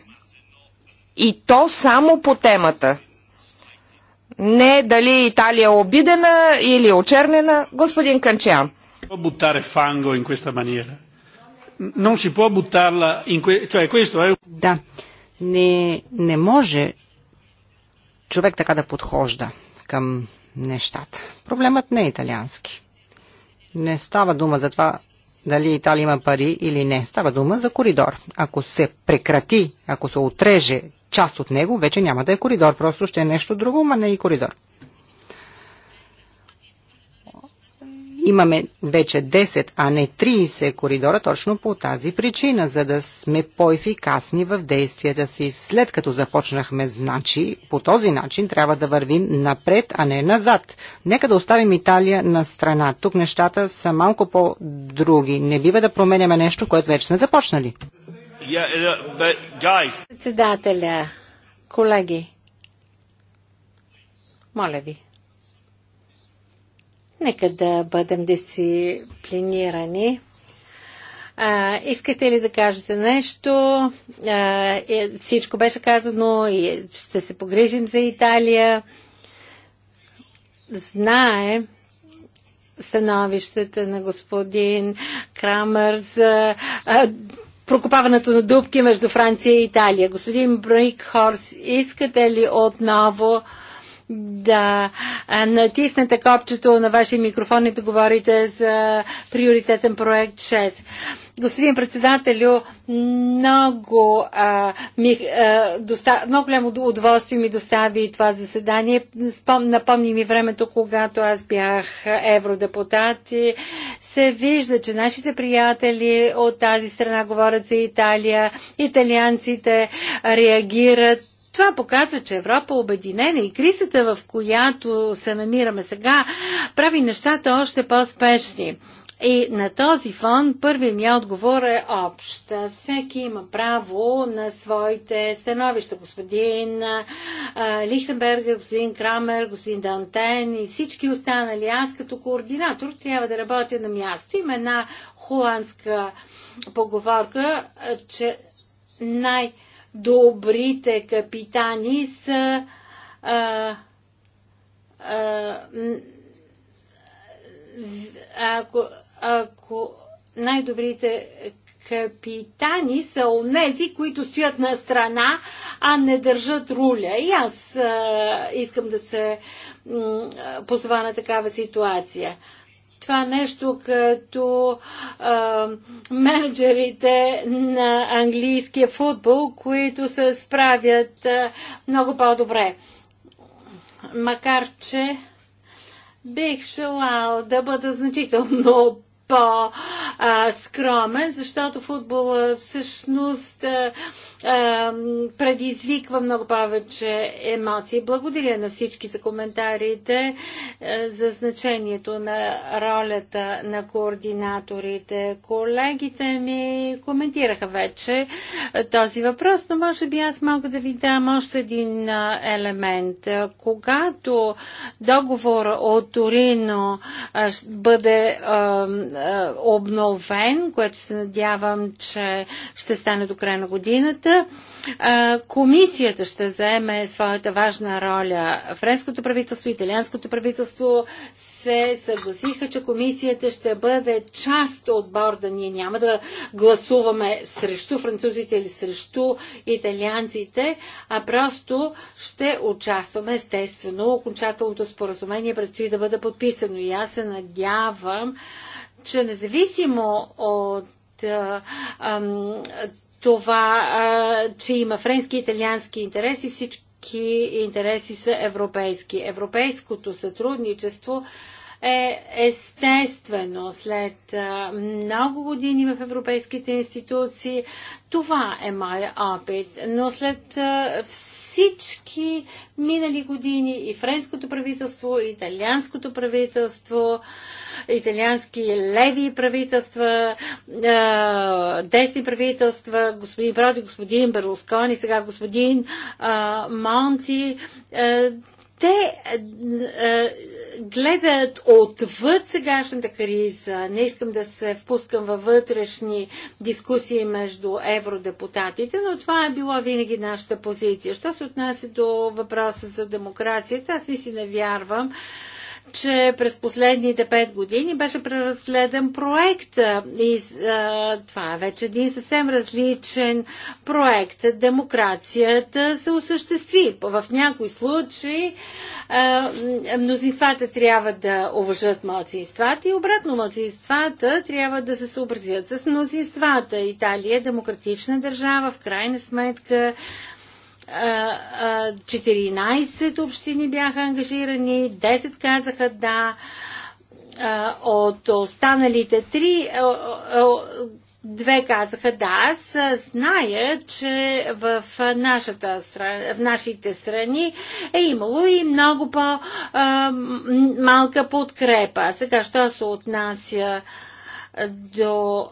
И то само по темата. Не дали Италия е обидена или очернена. Господин Канчан. Бутаре фанго in questa maniera non si può buttarla in que- cioè questo è... Да, не, не може човек така да подхожда към нещата. Проблемът не е италиански. Не става дума за това дали Италия има пари или не. Става дума за коридор. Ако се прекрати, ако се отреже част от него, вече няма да е коридор. Просто ще е нещо друго, но не е и коридор. имаме вече 10, а не 30 коридора точно по тази причина, за да сме по-ефикасни в действията си. След като започнахме, значи, по този начин трябва да вървим напред, а не назад. Нека да оставим Италия на страна. Тук нещата са малко по-други. Не бива да променяме нещо, което вече сме започнали. Uh, Председателя, колеги, моля ви. Нека да бъдем дисциплинирани. А, искате ли да кажете нещо? А, е, всичко беше казано и ще се погрижим за Италия. Знае становищата на господин Крамър за а, прокопаването на дубки между Франция и Италия. Господин Брик Хорс, искате ли отново да натиснете копчето на вашия микрофон и да говорите за приоритетен проект 6. Господин председателю, много, а, ми, а, доста, много голямо удоволствие ми достави това заседание. Спом, напомни ми времето, когато аз бях евродепутат и се вижда, че нашите приятели от тази страна говорят за Италия, италианците реагират това показва, че Европа е обединена и кризата, в която се намираме сега, прави нещата още по-спешни. И на този фон първият ми отговор е общ. Всеки има право на своите становища. Господин а, Лихтенбергер, господин Крамер, господин Дантен и всички останали. Аз като координатор трябва да работя на място. Има една холандска поговорка, че най- добрите капитани са а, а, ако, ако най-добрите капитани са онези, които стоят на страна, а не държат руля. И аз а, искам да се позова на такава ситуация. А, това нещо като а, менеджерите на английския футбол, които се справят а, много по-добре. Макар, че бих желал да бъда значително по-скромен, защото футбол всъщност предизвиква много повече емоции. Благодаря на всички за коментарите, за значението на ролята на координаторите. Колегите ми коментираха вече този въпрос, но може би аз мога да ви дам още един елемент. Когато договор от Торино бъде е, обновен, което се надявам, че ще стане до края на годината. Е, комисията ще заеме своята важна роля. Френското правителство, италианското правителство се съгласиха, че комисията ще бъде част от борда. Ние няма да гласуваме срещу французите или срещу италианците, а просто ще участваме естествено. Окончателното споразумение предстои да бъде подписано и аз се надявам, че независимо от това, че има френски и италиански интереси, всички интереси са европейски. Европейското сътрудничество е естествено след много години в европейските институции. Това е моя опит. Но след всички минали години и френското правителство, и италианското правителство, италиански леви правителства, десни правителства, господин Броди, господин Берлускони, сега господин Монти, те е, е, гледат отвъд сегашната криза. Не искам да се впускам във вътрешни дискусии между евродепутатите, но това е било винаги нашата позиция. Що се отнася до въпроса за демокрацията, аз не си не вярвам, че през последните пет години беше преразгледан проект и а, това е вече един съвсем различен проект. Демокрацията се осъществи. В някои случаи а, мнозинствата трябва да уважат младсинствата и обратно младсинствата трябва да се съобразят с мнозинствата. Италия е демократична държава, в крайна сметка 14 общини бяха ангажирани, 10 казаха да. От останалите 3, две казаха да. Аз зная, че в, нашата страна, в нашите страни е имало и много по-малка подкрепа. Сега, що се отнася до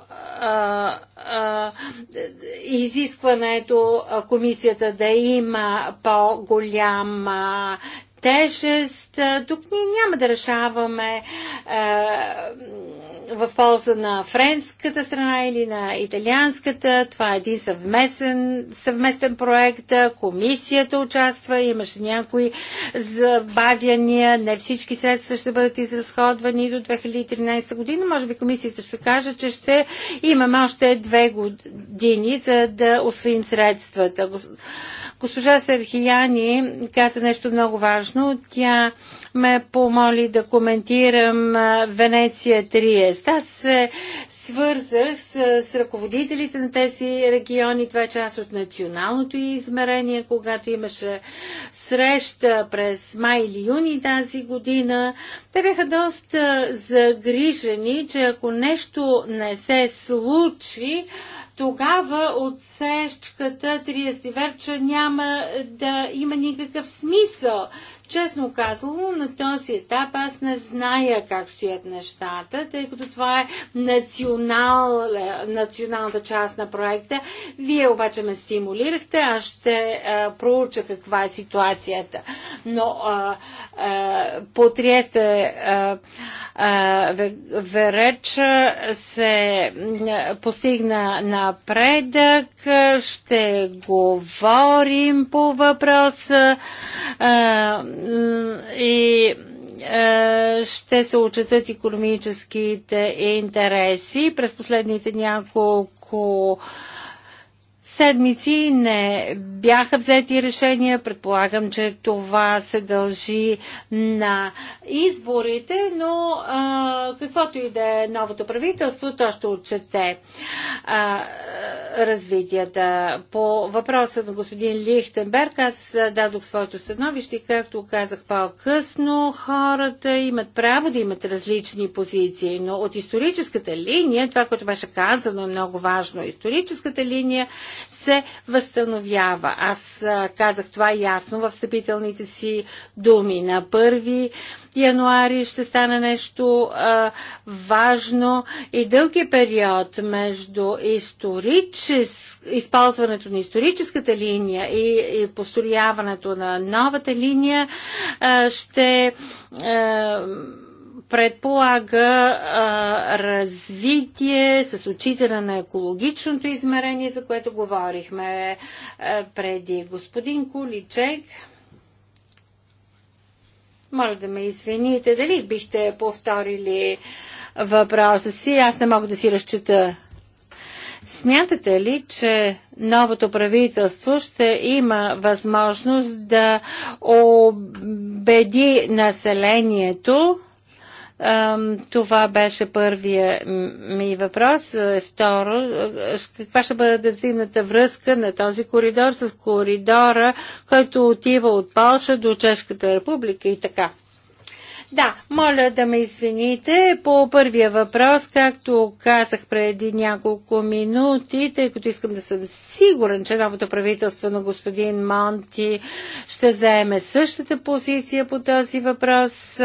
изискването комисията да има по-голяма тежест. Тук ние няма да решаваме е, в полза на френската страна или на италианската. Това е един съвместен, съвместен проект. Комисията участва. Имаше някои забавяния. Не всички средства ще бъдат изразходвани до 2013 година. Може би комисията ще каже, че ще имаме още две години, за да освоим средствата. Госпожа Сархияни каза нещо много важно. Тя ме помоли да коментирам Венеция Триест. Аз се свързах с, с ръководителите на тези региони. Това е част от националното измерение, когато имаше среща през май или юни тази година. Те бяха доста загрижени, че ако нещо не се случи, тогава отсечката 30 верча няма да има никакъв смисъл. Честно казвам, на този етап аз не зная как стоят нещата, тъй като това е национал, е, националната част на проекта. Вие обаче ме стимулирахте, аз ще а, е, проуча каква е ситуацията. Но а, а, е, Вереч се постигна напредък, ще говорим по въпроса. А, и е, ще се отчитат економическите интереси. През последните няколко седмици не бяха взети решения. Предполагам, че това се дължи на изборите, но а, каквото и да е новото правителство, то ще отчете а, развитията. По въпроса на господин Лихтенберг, аз дадох своето становище, както казах по-късно, хората имат право да имат различни позиции, но от историческата линия, това, което беше казано е много важно, историческата линия се възстановява. Аз казах това ясно в встъпителните си думи. На 1 януари ще стане нещо а, важно и дълги е период между използването на историческата линия и, и построяването на новата линия а, ще а, предполага а, развитие с отчитане на екологичното измерение, за което говорихме а, е, преди. Господин Куличек, моля да ме извините, дали бихте повторили въпроса си? Аз не мога да си разчита. Смятате ли, че новото правителство ще има възможност да убеди населението това беше първия ми въпрос. Е, второ, е, каква ще бъде дължината връзка на този коридор с коридора, който отива от Польша до Чешката република и така? Да, моля да ме извините. По първия въпрос, както казах преди няколко минути, тъй като искам да съм сигурен, че новото правителство на господин Монти ще заеме същата позиция по този въпрос.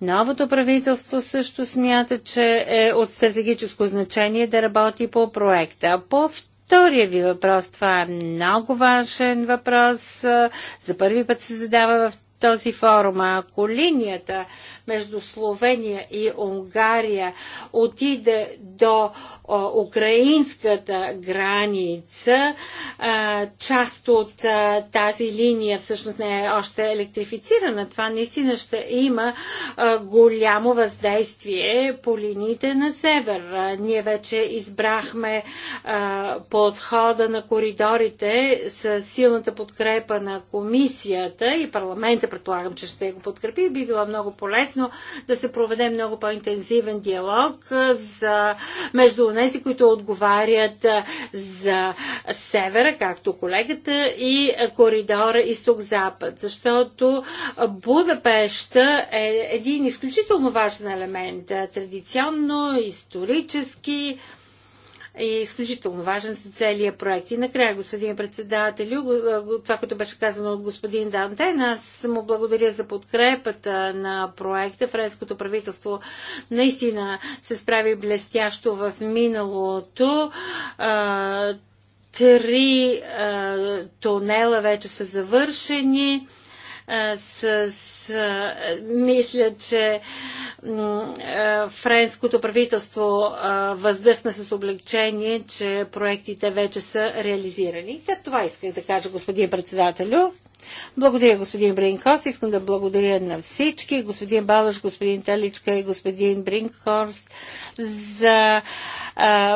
Новото правителство също смята, че е от стратегическо значение да работи по проекта. По Втория ви въпрос, това е много важен въпрос. За първи път се задава в този форум. а Ако линията между Словения и Унгария отиде до украинската граница. Част от тази линия всъщност не е още електрифицирана. Това наистина ще има голямо въздействие по линиите на север. Ние вече избрахме подхода на коридорите с силната подкрепа на комисията и парламента, предполагам, че ще го подкрепи. Би било много полезно по-лесно да се проведе много по-интензивен диалог за, между тези, които отговарят за севера, както колегата, и коридора изток-запад. Защото Будапешта е един изключително важен елемент, традиционно, исторически, е изключително важен за целия проект. И накрая, господин председател, това, което беше казано от господин Дантен, аз му благодаря за подкрепата на проекта. Френското правителство наистина се справи блестящо в миналото три тунела вече са завършени с, с мисля, че френското правителство въздъхна с облегчение, че проектите вече са реализирани. Та това исках да кажа, господин председателю. Благодаря, господин Бринкорст. Искам да благодаря на всички, господин Балаш, господин Теличка и господин Бринкорст, за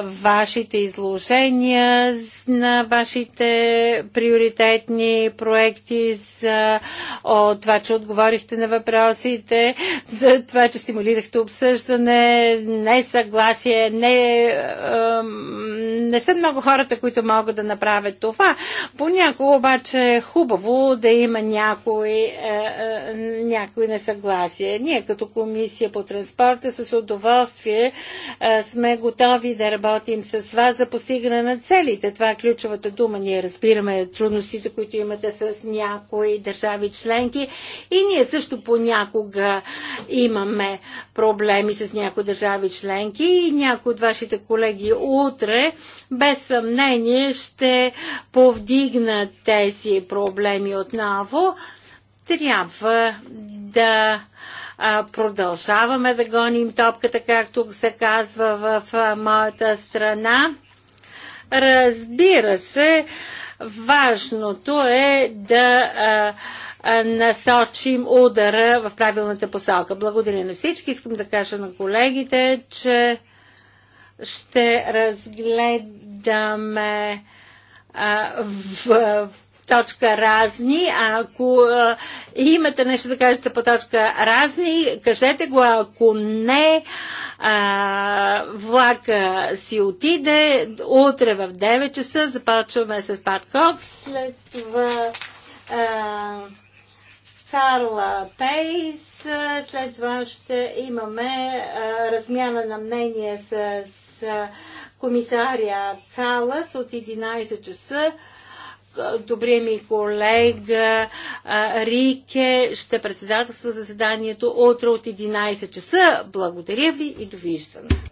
вашите изложения на вашите приоритетни проекти, за о, това, че отговорихте на въпросите, за това, че стимулирахте обсъждане, несъгласие. Не, съгласие. не са много хората, които могат да направят това. Понякога обаче е хубаво да има някой, е, е, някой несъгласие. Ние като комисия по транспорта с удоволствие е, сме готови готови да работим с вас за постигане на целите. Това е ключовата дума. Ние разбираме трудностите, които имате с някои държави членки и ние също понякога имаме проблеми с някои държави членки и някои от вашите колеги утре без съмнение ще повдигнат тези проблеми отново. Трябва да а, продължаваме да гоним топката, както се казва в а, моята страна. Разбира се, важното е да а, а, насочим удара в правилната посока. Благодаря на всички. Искам да кажа на колегите, че ще разгледаме а, в, в точка разни. Ако а, е, имате нещо да кажете по точка разни, кажете го. Ако не, а, е, влака си отиде. Утре в 9 часа започваме с Пат Кокс. След това а, е, Карла Пейс. След това ще имаме а, размяна на мнение с, с комисаря Калас от 11 часа добрия ми колега Рике ще председателства заседанието утре от 11 часа. Благодаря ви и довиждане.